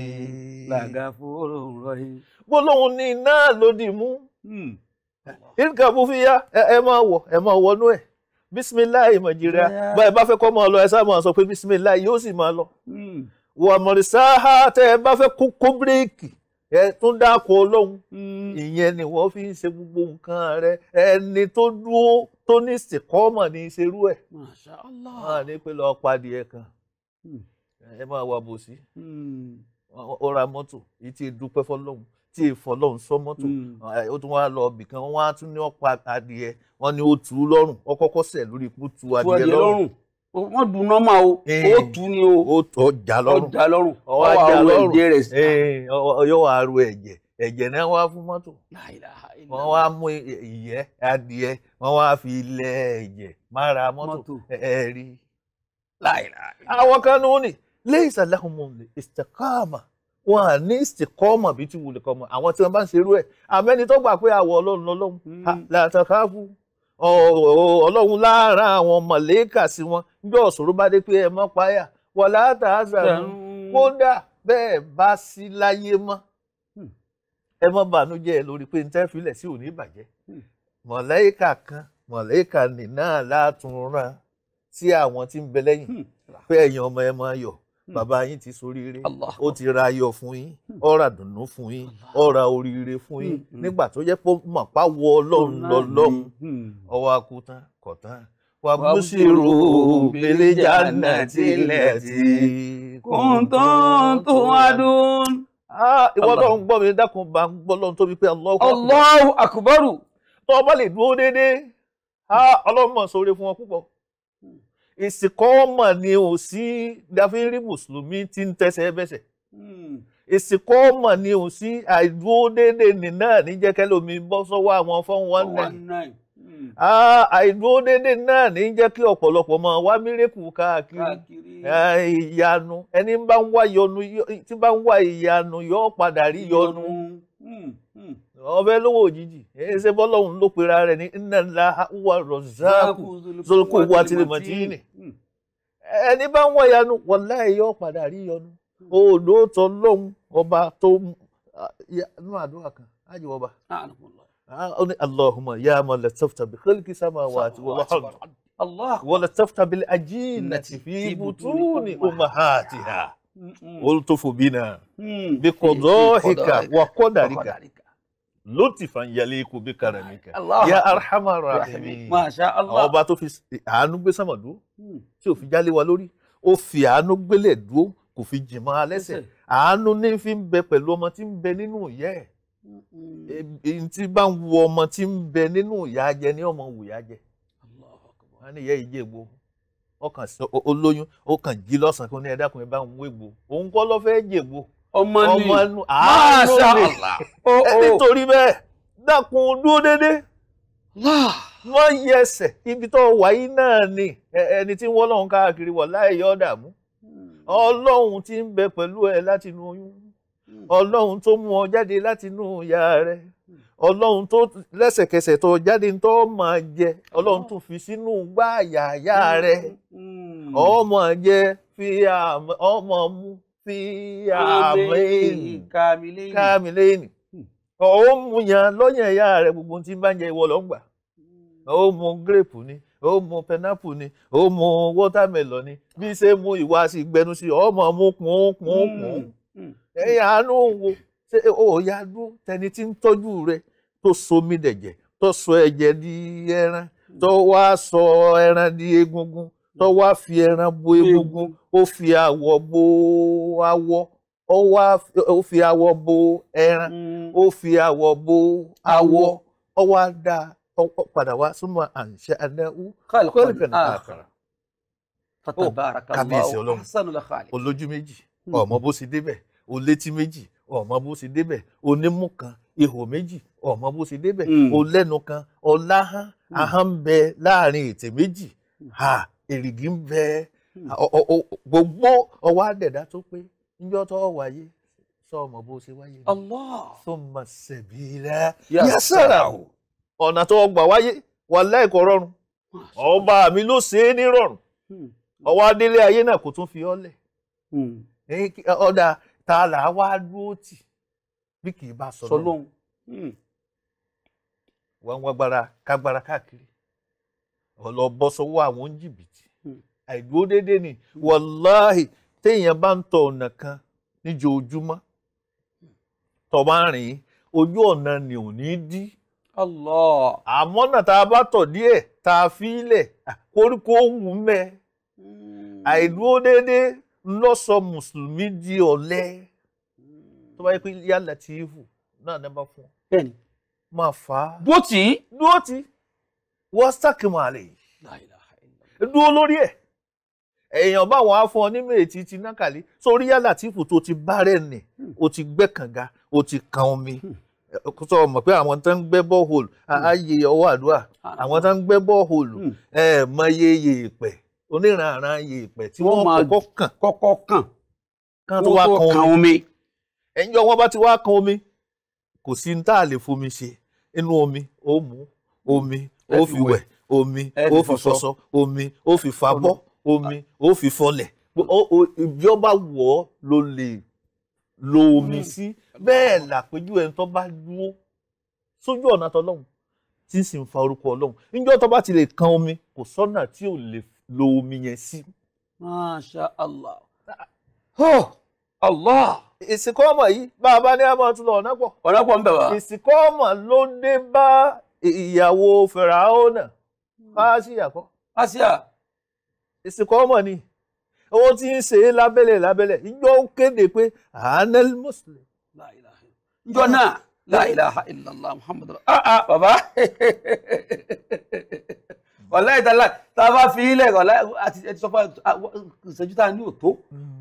làgàfóró rọ̀yì. gbólóhùn ní iná lòdì mú ìrìnkà hmm. mú fi yá ẹ máa wọ̀ ẹ máa wọnú ẹ̀ bísímíláì mọ̀jìrìà bá ẹ bá fẹ́ kọ́ máa lọ ẹ sáà máa sọ pé bísímíláì yóò sì máa lọ. Hmm. wàmọ̀rìsá tẹ ẹ bá fẹ́ kó kó bírèkì ẹ tún dákọ ọlọ́run hmm. ìyẹn ni wọ́n fi ń ṣe gbogbo nǹkan rẹ ẹni tó dúró tó ní sìkọ́mọ̀ ní ìṣerú ẹ̀ máa ní pé lọ́ọ́ padì ẹ̀ kan hmm. ẹ máa wà bò sí hmm. ó ra mọ́tò èyí tí dúpẹ́ fọlọ́run tí ìfọlọ́run sọ mọ́tò ó tún wá lọ ibì kan wọ́n á tún ní ọ̀pá adìẹ wọ́n ní ó tù ú lọ́rùn ọkọ́kọ́ sẹ̀ lórí ikú tu adìẹ lọ́rùn wọ́n dùn nọ́mà o ó eh. tú ni o ó o lọ́rùn ọjà lọ́rùn ọwọ́ àjà lọ́rùn ẹ̀jẹ̀ rẹ̀ eh, yóò wá ru ẹ̀jẹ̀ ẹ̀jẹ̀ náà wá fún mọ́tò wọ́n wá mú ìyẹ́ adìẹ wọ́n wá fi lẹ̀ ẹ̀jẹ̀ mára mọ́tò ẹ̀rí àwọn kan ní wọ́n ní lẹ́yìn sàlámù ìsìtẹ̀kọ́mà wọn à ní ìsìtẹ̀kọ́mà bí tí wùlẹ̀ kọ́mà àwọn tí wọ́n bá ń ṣerú ẹ̀ àmẹ́ni gbà pé àwọ̀ ọlọ́run lọ́lọ́run hmm. làtàkà fún lára àwọn mọ̀lẹ́kà sí wọn níjọ́ ọ̀ṣọ́rọ́ bá dé pé ẹ mọ́ páyà wọ̀lá tààzà kódà bẹ́ẹ̀ bá sí láyé mọ́ hmm. ẹ mọ́ bànújẹ́ lórí pé n tẹ́filẹ̀ sí òní ìbàjẹ́ hmm. mọ̀lẹ́kà kan mọ̀lẹ́kà nìna látún rán sí àwọn tí ń bẹ lẹ́yìn hmm. pé ẹ̀yin ọmọ ẹ máa yọ̀ bàbá yín ti soríire ó ti ra ayọ̀ fún yín ó ra fún yín ó oríire fún yín nígbà tó jẹ́ pé mọ̀pá wọ ọlọ́run lọ́lọ́run ọwọ́ akú tán wàbúṣirò bèlè jàǹdà tilẹ̀ tí kùntùntùn adùn. ìwọ tó ń gbọ́ mi dákun bá ń gbọ́ lọ́n tóbi pé Allahu akbaru. tó o bá lè dúró déédéé ọlọ́mọ sóore fún ọ púpọ̀ ìsìnkọ́mọ̀ ni ò sí dáfírí mùsùlùmí tí ń tẹ́sẹ̀ bẹ́sẹ̀ hmm. ìsìnkọ́mọ̀ ni ò sí àìdúró déédéé nì náà níjẹ́kẹ́lómi bọ́ sọ́wọ́ àwọn fọ́n wọn náà. Ah, àìdúró déédéé náà ní jẹ́ kí ọ̀pọ̀lọpọ̀ máa wá mírèkù káàkiri ah, ìyanu ẹni tí bá ń wá ìyanu padà rí yọnu hmm, hmm. ọbẹ̀ lówó òjijì ṣé bọ́lọ́hún ló pera rẹ̀ ní wà rọ̀záàkù zolokó wà ẹni ọba tó ah, اللهم يا من لطفت بخلق سماوات والارض الله ولطفت بالأجينة في بطون أمهاتها والطف بنا بقضائك وقدرك lótìfà ń yẹlé ikú bí karamika ya arhamar rahimin masha Allah àwọn ọba tó fi àánú gbé sánmà dúró tí ò fi jálé wa lórí ó fi àánú gbélé dúró kò fi jìmọ alẹsẹ àánú ní fi ń bẹ pẹ̀lú ọmọ tí ń bẹ nínú ìyá ẹ̀ Mm. èyí tí bá ń wu ọmọ tí ń bẹ nínú ìyá jẹ ní ọmọ wùyá jẹ wọn ní ìyá ìjẹ ègbò ọkàn olóyún ó kàn jí lọ́sàn-án ní ẹ̀dákùnrin bá ń wé ègbò òun kọ́ ló ọmọ ni máṣá Allah oh, oh. nítorí bẹ́ẹ̀ dákun dúró déédéé wọ́n yẹ ẹsẹ̀ ibi tó wáyé náà ni ẹni tí wọ́n lọ́hún káàkiri wọ̀ láì ọ́ dààmú mm. ti ń bẹ pẹ̀lú ẹ láti oyún Mm. ọlọ́run tó mú ọ jáde láti inú ìyá rẹ ọlọ́run tó lẹ́sẹ̀kẹsẹ̀ tó jáde tó máa jẹ ọlọ́run tó fi sínú gbá àyà àyà rẹ ọmọ mm. jẹ fi ọmọ mú fi àmì kàmìlẹ́yìn ọ̀hún mu yàn lọ́yàn ìyá rẹ gbogbo tí ń bá ń jẹ ìwọ lọ́ngbà mm. ó mu grape ni ó mu pineapple ni ó mu watermelon ni bí ṣe mu ìwà sí gbẹnu sí ọmọ mu kùn kùn kùn ẹ̀yin àánú wo òòyà dún tẹni tí ń tọ́jú rẹ tó so mí dẹ̀jẹ̀ tó sọ ẹ̀jẹ̀ di ẹran tó wá sọ ẹran di egungun tó wá fi ẹran bo egungun ó fi awọ bo awọ ó wá ó fi awọ bo ẹran mm. ó fi awọ bo awọ ó wá dá padà wá súnmọ́ àǹṣẹ́ adáwó kọ́lùkọ́lù ah. àkàrà fatabaraka Allahu ahsanul khaliqin olójú méjì hmm. ọmọ bó ṣe débẹ̀ o létí méjì ọmọ bó ṣe débẹ̀ onímú kan ihò méjì ọmọ bó ṣe débẹ̀ o hmm. lẹ́nu kan ọláhán hmm. ahán ń bẹ láàrin ètè méjì ha hmm. èrìgì ń bẹ gbogbo ọwọ́ àdẹ̀dá tó pé níjọ́ tó wáyé sọmọ bó ṣe wáyé ni tó mọ ṣẹ̀bi rẹ̀ yásàrà o ọ̀nà tó gbà wáyé wà láìkọ̀ rọrùn ọba mi ló ṣe é ní rọrùn ọwọ́ adélé ayé náà kò tún fi ọ́ lẹ̀ ọ̀dà ta la wa duro ti bi ki ba so lohun hmm won wa gbara ka gbara kaakiri o lo bo so wa won jibiti ai duro dede ni wallahi te yan ona kan ni jojumo to ba rin oju ona ni oni di allah amona ta ba to di e ta fi le koriko me ai duro ló sọ mùsùlùmí di ọ̀lẹ tó bá yẹ pé yá Latifu náà ní bá fún ọ. bẹ́ẹ̀ni. máa fà á. bó ti. dúró ti wọ́n sàkìmọ̀ àlè dúró lórí ẹ̀ èèyàn báwọn á fún ọ nínú ètí ti nákàlí sórí yá Latifu tó ti bá rẹ̀ nì hmm. o ti gbẹ́ kànga o ti kan omi hmm. sọ mọ̀ pé àwọn tó ń gbẹ́ bọ́ọ̀hólù ààyè hmm. ọwọ́ àdúrà ah. àwọn tó ń gbẹ́ bọ́ọ̀hólù ẹ̀ẹ́mọye yèèpẹ̀ oníranran yèèpẹ̀ tí wọ́n kọ́kọ́ kàn kọ́kọ́ kàn kán tó wá kan omi ẹ̀yìn ọwọ́ bá ti wá kan omi kò sí ní tá a lè fomi ṣe inú omi ó mú omi ó fi wẹ̀ omi ó fi fọṣọ omi ó fi fabọ́ omi ó fi fọlẹ̀ ibi ó bá wọ̀ ọ́ ló lè lo omi hmm. sí bẹ́ẹ̀ làpéjú ẹni tó bá dúró sójú ọ̀nà tọlọ́hun tí sì ń fa orúkọ ọlọ́hun níjọ́ tó bá ti lè kan omi kò sọ́nà tí ò lè f lo omi yẹn sí. masha allah. oh allah. ìsìnkú ọmọ yìí bá a bá ní àmọ́ tún lọ ọ̀nà pọ̀. ọ̀nà pọ̀ ń bẹ̀ wá. ìsìnkú ọmọ ló dé bá ìyàwó fẹ̀ràhónà fásíyà kọ́. fásíyà. ìsìnkú ọmọ ni owó tí ń ṣe lábẹ́lẹ̀ lábẹ́lẹ̀ ìjọ kéde pé anel muslim. ìjọ náà la ilaha muhammadu ah ah baba. ọ̀la ìtàlá tá a bá fi ilẹ̀ ọ̀la àti ẹ ti sọ fún ìṣẹ́jú tá a ní òtó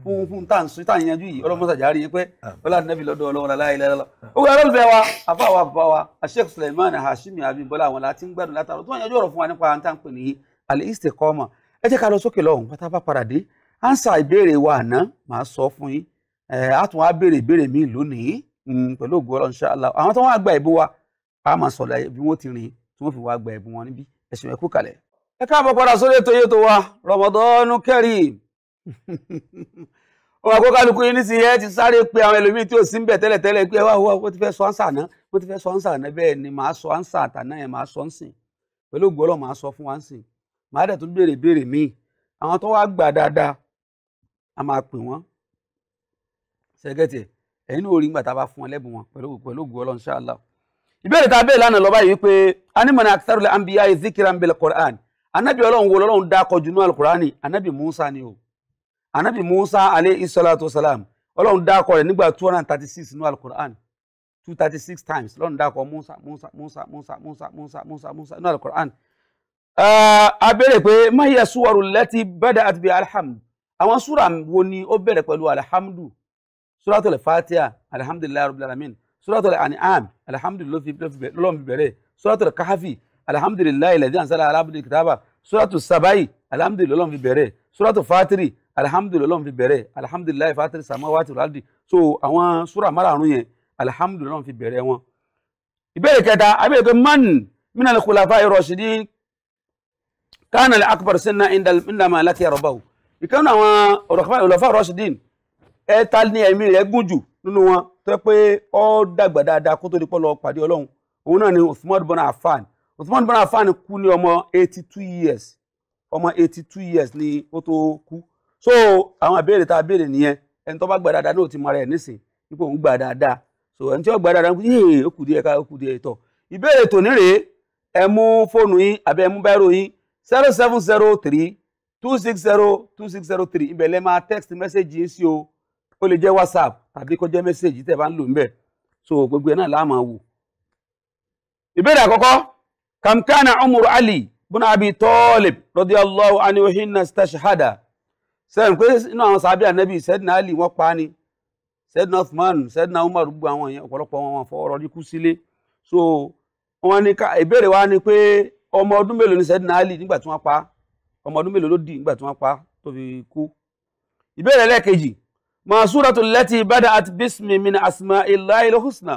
fún fún tá à ń sun tá à ń yanjú yìí ọlọ́mọdé àjárí yìí pé ọlá nẹ́bí lọ́dọ̀ ọlọ́wọ́n aláìlẹ́ lọ́lọ́. ó wẹ́ ọlọ́lùfẹ́ wa afa wa bàbá wa Sheikh Suleiman Hashimi Abimbola àwọn láti ń gbádùn látàrọ tó wọ́n yanjú ọ̀rọ̀ fún wa nípa à ń tà ń pè ní al-istiqama ẹ jẹ́ ká lọ sókè lọ́hùn pátá bá padà dé ánsà ìbéèrè wa àná ẹ̀sìn ẹ̀kú kalẹ̀. ẹ káàbọ̀ padà sórí ètò yìí tó wa Ramadan Kareem ó wà kó kálukú yín nísìnyí ẹ ti sáré pé àwọn ẹlòmíì tí ò sí ń bẹ̀ tẹ́lẹ̀tẹ́lẹ̀ pé wá wá mo ti fẹ́ sọ ánsà ná mo ti fẹ́ sọ ánsà ná bẹ́ẹ̀ ni màá sọ ánsà àtàná yẹn màá sọ ńsìn pẹ̀lú ògbọ́lọ̀ màá sọ fún wa ńsìn màá dẹ̀ tún béèrè béèrè míì àwọn tó wá gbà dáadáa a máa pè wọ́n ṣẹ́gẹ́tì ẹ̀yin ní orí ńgbà tá a bá fún ọ lẹ́bùn wọn pẹ̀lú ògbọ́lọ̀ insha Allah ìbéèrè tá a béèrè lánàá lọ́ba yìí pé animọ̀nà akitárùlẹ̀ anbiya zikira ń bẹ̀lẹ̀ quran anabi ọlọ́run wo lọ́run dá kọjú ní alukurani anabi musa ni o anabi musa alayhi salatu salam ọlọ́run dá kọ rẹ̀ nígbà two hundred and thirty six ní alukurani two thirty six times lọ́run dá kọ musa musa musa musa musa musa musa musa ní alukurani. a béèrè pé mahiya suwaru lati bada atibi alhamdu àwọn súra wo ni ó bẹ̀rẹ̀ pẹ̀lú alhamdu súratul fatiha alhamdulilayi rabbil alamin suratul an'am alihamudulilayi fi lọ́n fi bẹ̀rẹ̀ suratul kahafi alihamudulilayi lẹ́dí ansala alábùdí kitaba suratul sabayi alihamudulilayi lọ́n fi bẹ̀rẹ̀ suratul fatiri alihamudulilayi lọ́n fi bẹ̀rẹ̀ alihamudulilayi fatiri samawati waldi so àwọn sura márààrún yẹn alihamudulilayi lọ́n fi bẹ̀rẹ̀ wọn. ìbéèrè kẹta abẹ́rẹ́ pé man mina lè kulafa irọ́ṣidin kánà lè akbar sinna indama láti yàrá báwò ìkànnì àwọn ọ̀rọ̀ kọfà irọ́ṣidin ẹ̀ẹ́ta ní ẹ̀mí rẹ̀ gùn jù nínú wọn tó yẹ pé ó dàgbà dáadáa kó tó di pọ́ lọ pàdé ọlọ́run òun náà ni Uthman ibn Affan Uthman ibn Affan kú ní ọmọ eighty two years ọmọ eighty two years ni ó tó kú so àwọn àbẹ̀rẹ̀ tá a béèrè nìyẹn ẹni tó bá gbà dáadáa náà ti mọ ara ẹ̀ nísìn ipò òun gbà dáadáa so ẹni tí ó gbà dáadáa yéè ó kù díẹ̀ ká ó kù díẹ̀ tọ̀ ìbéèrè tòní rèé ẹ mú fóònù yín àbí ẹ mú báírò yín zero seven zero three two six zero two six zero three ibẹ̀ lẹ́ máa text message yín sí o ó lè jẹ́ whatsapp àbí kó jẹ́ mẹ́sẹ̀jì tẹ̀ bá ń lò ń bẹ̀ so gbogbo ẹ̀ náà láàmà wò. ìbéèrè àkọ́kọ́ kamkana umru ali buna abi talib lọ di hinna stashhada sẹ́yìn pé inú àwọn sàbí ànábì sẹ́dínà ali wọ́n pa ni sẹ́dínà sẹ́dínà umar gbogbo àwọn èèyàn ọ̀pọ̀lọpọ̀ wọn so ìbéèrè wa ni pé ọmọ ọdún mélòó ni sẹ́dínà ali nígbà tí wọ́n pa ọmọ ọdún mélòó ló dì nígbà tí wọ́n pa ma súratu lẹ́tì bẹ́dà àti bísmì min asma ilayi lọ́hùsùnà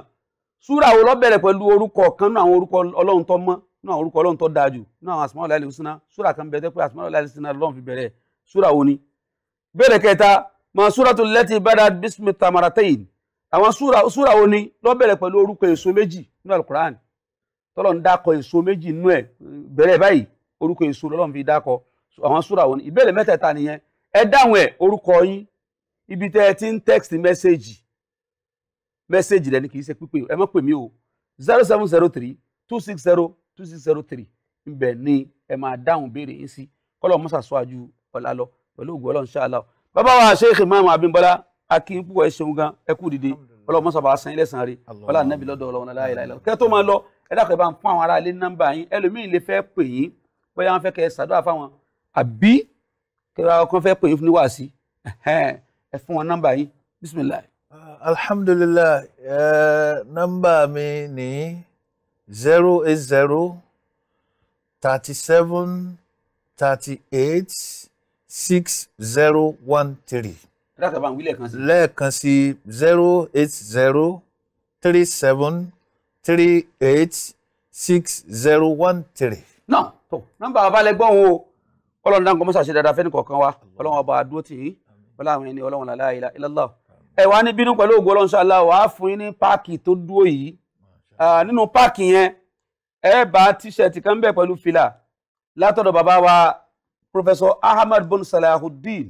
súra wo ló bẹ̀rẹ̀ pẹ̀lú orúkọ kan náà àwọn orúkọ ọlọ́run tó mọ́ náà àwọn orúkọ ọlọ́run tó dáa jù náà àwọn asma ilayi lọ́hùsùnà súra kan bẹ̀rẹ̀ pé asma ilayi lọ́hùsùnà lọ́run fi bẹ̀rẹ̀ súra wo ni. bẹ́rẹ̀ kẹta ma súratu lẹ́tì bẹ́dà àti bísmì tamaratayin àwọn súra wo ni ló bẹ̀rẹ̀ pẹ̀lú orúkọ èso méjì nínú alukur'an tọ́lọ́ ń dákọ èso àwọn orúkọ yín ibi tẹ́ ẹ ti ń text message message rẹ ni kì í ṣe pípé ẹ má pè mí o zero seven zero three two six zero two six zero three ibẹ̀ ni ẹ máa dáhùn béèrè yín sí kọ́lọ̀ mọ́sàsọ́ àjù ọ̀la lọ pẹ̀lú ògùn ọlọ́run ṣáà láwọ̀ bàbá wa Sheikh Imam Abimbola akin púpọ̀ ẹ ṣeun gan ẹ kú dìde ọlọ́run mọ́sàbà sàn ilẹ̀ sàn rí ọlá nàbì lọ́dọ̀ ọlọ́run aláìláì lọ kẹ́ tó máa lọ ẹ dákọ̀ ẹ bá ń fún àwọn ará ilé nọ́mbà yín ẹlòmíì lè fẹ́ pè yín bóyá wọn fẹ́ kẹ́ ẹ ṣàdúrà fáwọn àbí kẹ́ ẹ kàn fẹ́ pè yín fún níwàásí ẹ fún wọn nọ́mbà yín bisimilayi. Uh, alhamdulilayi ẹ uh, nọ́mbà mi ní zero eight zero thirty seven thirty eight six zero one three. lẹ́ẹ̀kan sí zero eight zero three seven three eight six zero one three. náà tó nọ́mbà abalẹ gbọ́n o ọlọ́run dáhùn kọ́mọ́sá ṣe dáadáa fẹ́ni kọ̀ọ̀kan wa ọlọ́run ọba dúró tì í ọláwọn ẹni ọlọ́run la ilaha illallah ẹ wá ní bínú pẹ̀lú ògo ọlọ́run ṣáàlá wàá fún yín ní páàkì tó dúró yìí nínú páàkì yẹn ẹ bá tíṣẹ̀tì kan bẹ̀ pẹ̀lú fìlà látọ̀dọ̀ bàbá wa professor ahmad bon salahuddin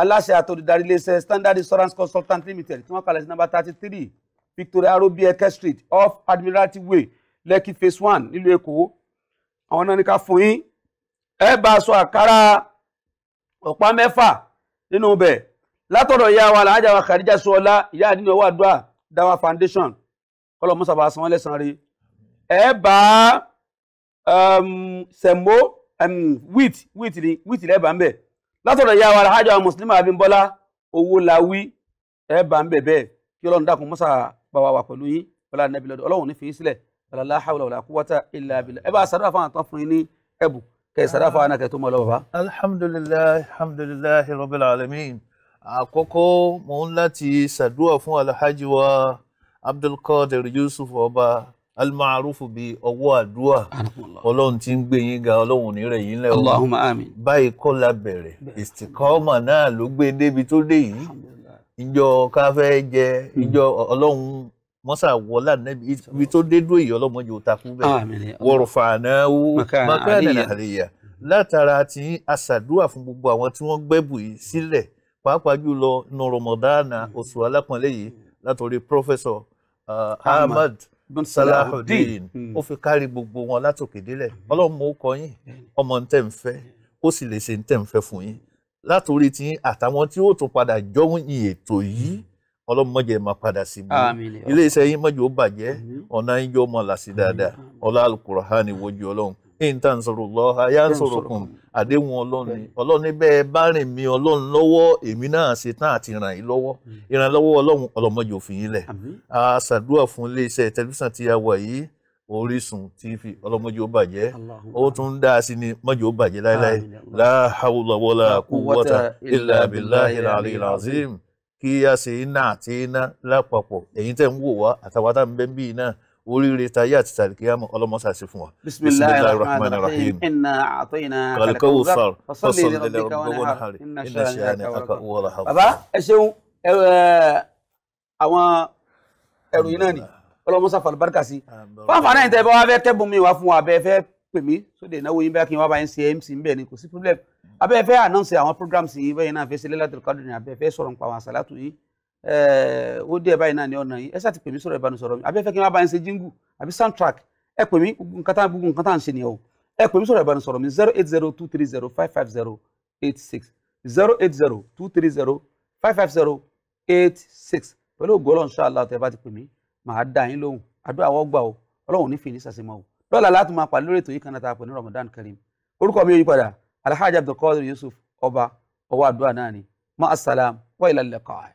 aláṣẹ àtòdìdarí iléeṣẹ́ standard insurance consultant limited tí wọ́n kalẹ̀ sí number thirty three victoria robi eke street off admiralty way lekki phase one nílùú èkó àwọn náà ní ká fún yín ẹ bá aṣọ àkàrà ọ̀pá mẹ́fà nínú bẹ̀ látọ̀dọ̀ ìyá wa làájà wa Khadija Suola ìyá àdínní ọwọ́ àdúrà dáwà foundation kọlọ̀ musa bá sanwó lẹ́sàn rí ẹ bá sẹ̀mó um, um, wheat wheat ni wheat lẹ́bàá ń bẹ̀ látọ̀dọ̀ ìyá wa làájà wa Muslima Abímbọ́lá owó la wí ẹ bá ń bẹ̀ bẹ́ẹ̀ kí ọlọ́run dákun musa bá wa wà pẹ̀lú yín ọlọ́run ní fi yín sílẹ̀ ọlọ́run la hawla sàdúrà fáwọn àtọ́ fún yín ní ẹ̀bùn kẹ́ sàdáfà náà kẹ́ tó mọ́ lọ́wọ́ bá. alhamdulilayi alhamdulilayi rabbil alamin àkọ́kọ́ mò ń láti ṣàdúrà fún alhaji wa abdulkadir yusuf ọba almaarufu bíi ọwọ́ àdúrà ọlọ́run tí ń gbé yín ga ọlọ́run ní rẹ̀ yín lẹ́wọ́ Allahumma amin báyìí kọ́ la bẹ̀rẹ̀ ìsìkọ́mà náà ló gbé débi tó dé yìí ìjọ káfẹ́ jẹ hmm. ìjọ ọlọ́run wọ́n sà wọlé ànábì ibi tó dé dúró ìyọ́ ọlọ́mọ yóò takú bẹ́ẹ̀ wọ̀rọ̀fà náà wó makana àríyá látara tí aṣàdúrà fún gbogbo àwọn tí wọ́n gbẹ́bù yìí sílẹ̀ pàápàá jùlọ nù rọmọdánà hmm. oṣù alápọ̀nlé yìí hmm. látọ̀rí pọ́fẹ́sọ̀ uh, ahmad salahudeen hmm. ó fi kárí gbogbo wọn látòkè délẹ̀ ọlọ́mọ ó kọ yín ọmọ ń tẹ̀ ń fẹ́ ó sì lè ṣe ń tẹ̀ ń fẹ́ fún yín látòrí tí àtàwọn tí ó tún padà jọ́wọ́ yìí ètò yìí ọlọ́run má jẹ́ máa padà sí mi ilé iṣẹ́ yín má jẹ́ ó bàjẹ́ ọ̀nà yín jọ mọ́ là sí dáadáa ọlá alukurahani wojú ọlọ́run in tan sọ̀rọ̀ lọ aya ń sọ̀rọ̀ kùn àdéhùn ọlọ́run ọlọ́run bẹ́ẹ̀ bá rìn mí ọlọ́run lọ́wọ́ èmi náà ṣe tán àti ràn yín lọ́wọ́ ìrànlọ́wọ́ ọlọ́run ọlọ́run má yín lẹ̀ a ṣàdúrà fún ilé iṣẹ́ tẹlifíṣàn tí a wà yìí orísun tv ọlọmọdé ó bàjẹ́ ó tún dá a sí ni mọjọ ó bàjẹ́ láéláé la hawla wala quwwata illa billahi al-ali azim kí a ṣe iná àti iná lápapọ̀ ẹ̀yin tẹ̀ ń wò wá àtàwọn táwọn bẹ́ẹ̀ bí iná oríire tayé àti tàlìkíyàmọ̀ ọlọ́mọṣà sí fún wa. bisimilayi rahman rahim inna àtọ́yìnà kalikawusar fasalli lẹ́lẹ́rọ̀ gbogbo nàhàrì iná ṣẹ́yàní aka wọlé ha. baba ẹ ṣeun àwọn ẹrù yìí náà ni ọlọ́mọṣà fún wa bẹ́ẹ̀ fẹ́ pèmí abẹ́ fẹ́ announce àwọn programs yìí bẹ́ẹ̀ náà fẹ́ ṣe lẹ́lẹ́tọ̀ kádùn ní abẹ́ fẹ́ sọ̀rọ̀ nípa àwọn àṣàlátù yìí ó dé báyìí náà ní ọ̀nà yìí ẹ ṣáà ti pè mí sọ̀rọ̀ ìbánisọ̀rọ̀ mi abẹ́ fẹ́ kí n bá yín ṣe jingle àbí soundtrack ẹ pè mí nǹkan tá gbogbo nǹkan tá à ń ṣe nìyẹn o ẹ pè mí sọ̀rọ̀ mi zero eight zero two three zero five five zero eight six zero eight zero two three zero five five zero eight six pẹ̀lú ògo Ọlọ́run ṣáàlá tẹ́ bá ti pè mí màá dá yín lóhùn àdúrà wọ́n gbà o Ọlọ́run ní fi ní sàṣemọ́ o lọ́la láti máa pàdé lórí ètò yìí kan náà tá a pè ní Ramadan Kareem orúkọ mi ò yí padà الحاج عبد القادر يوسف أوبا أوادوانا ناني مع السلام وإلى اللقاء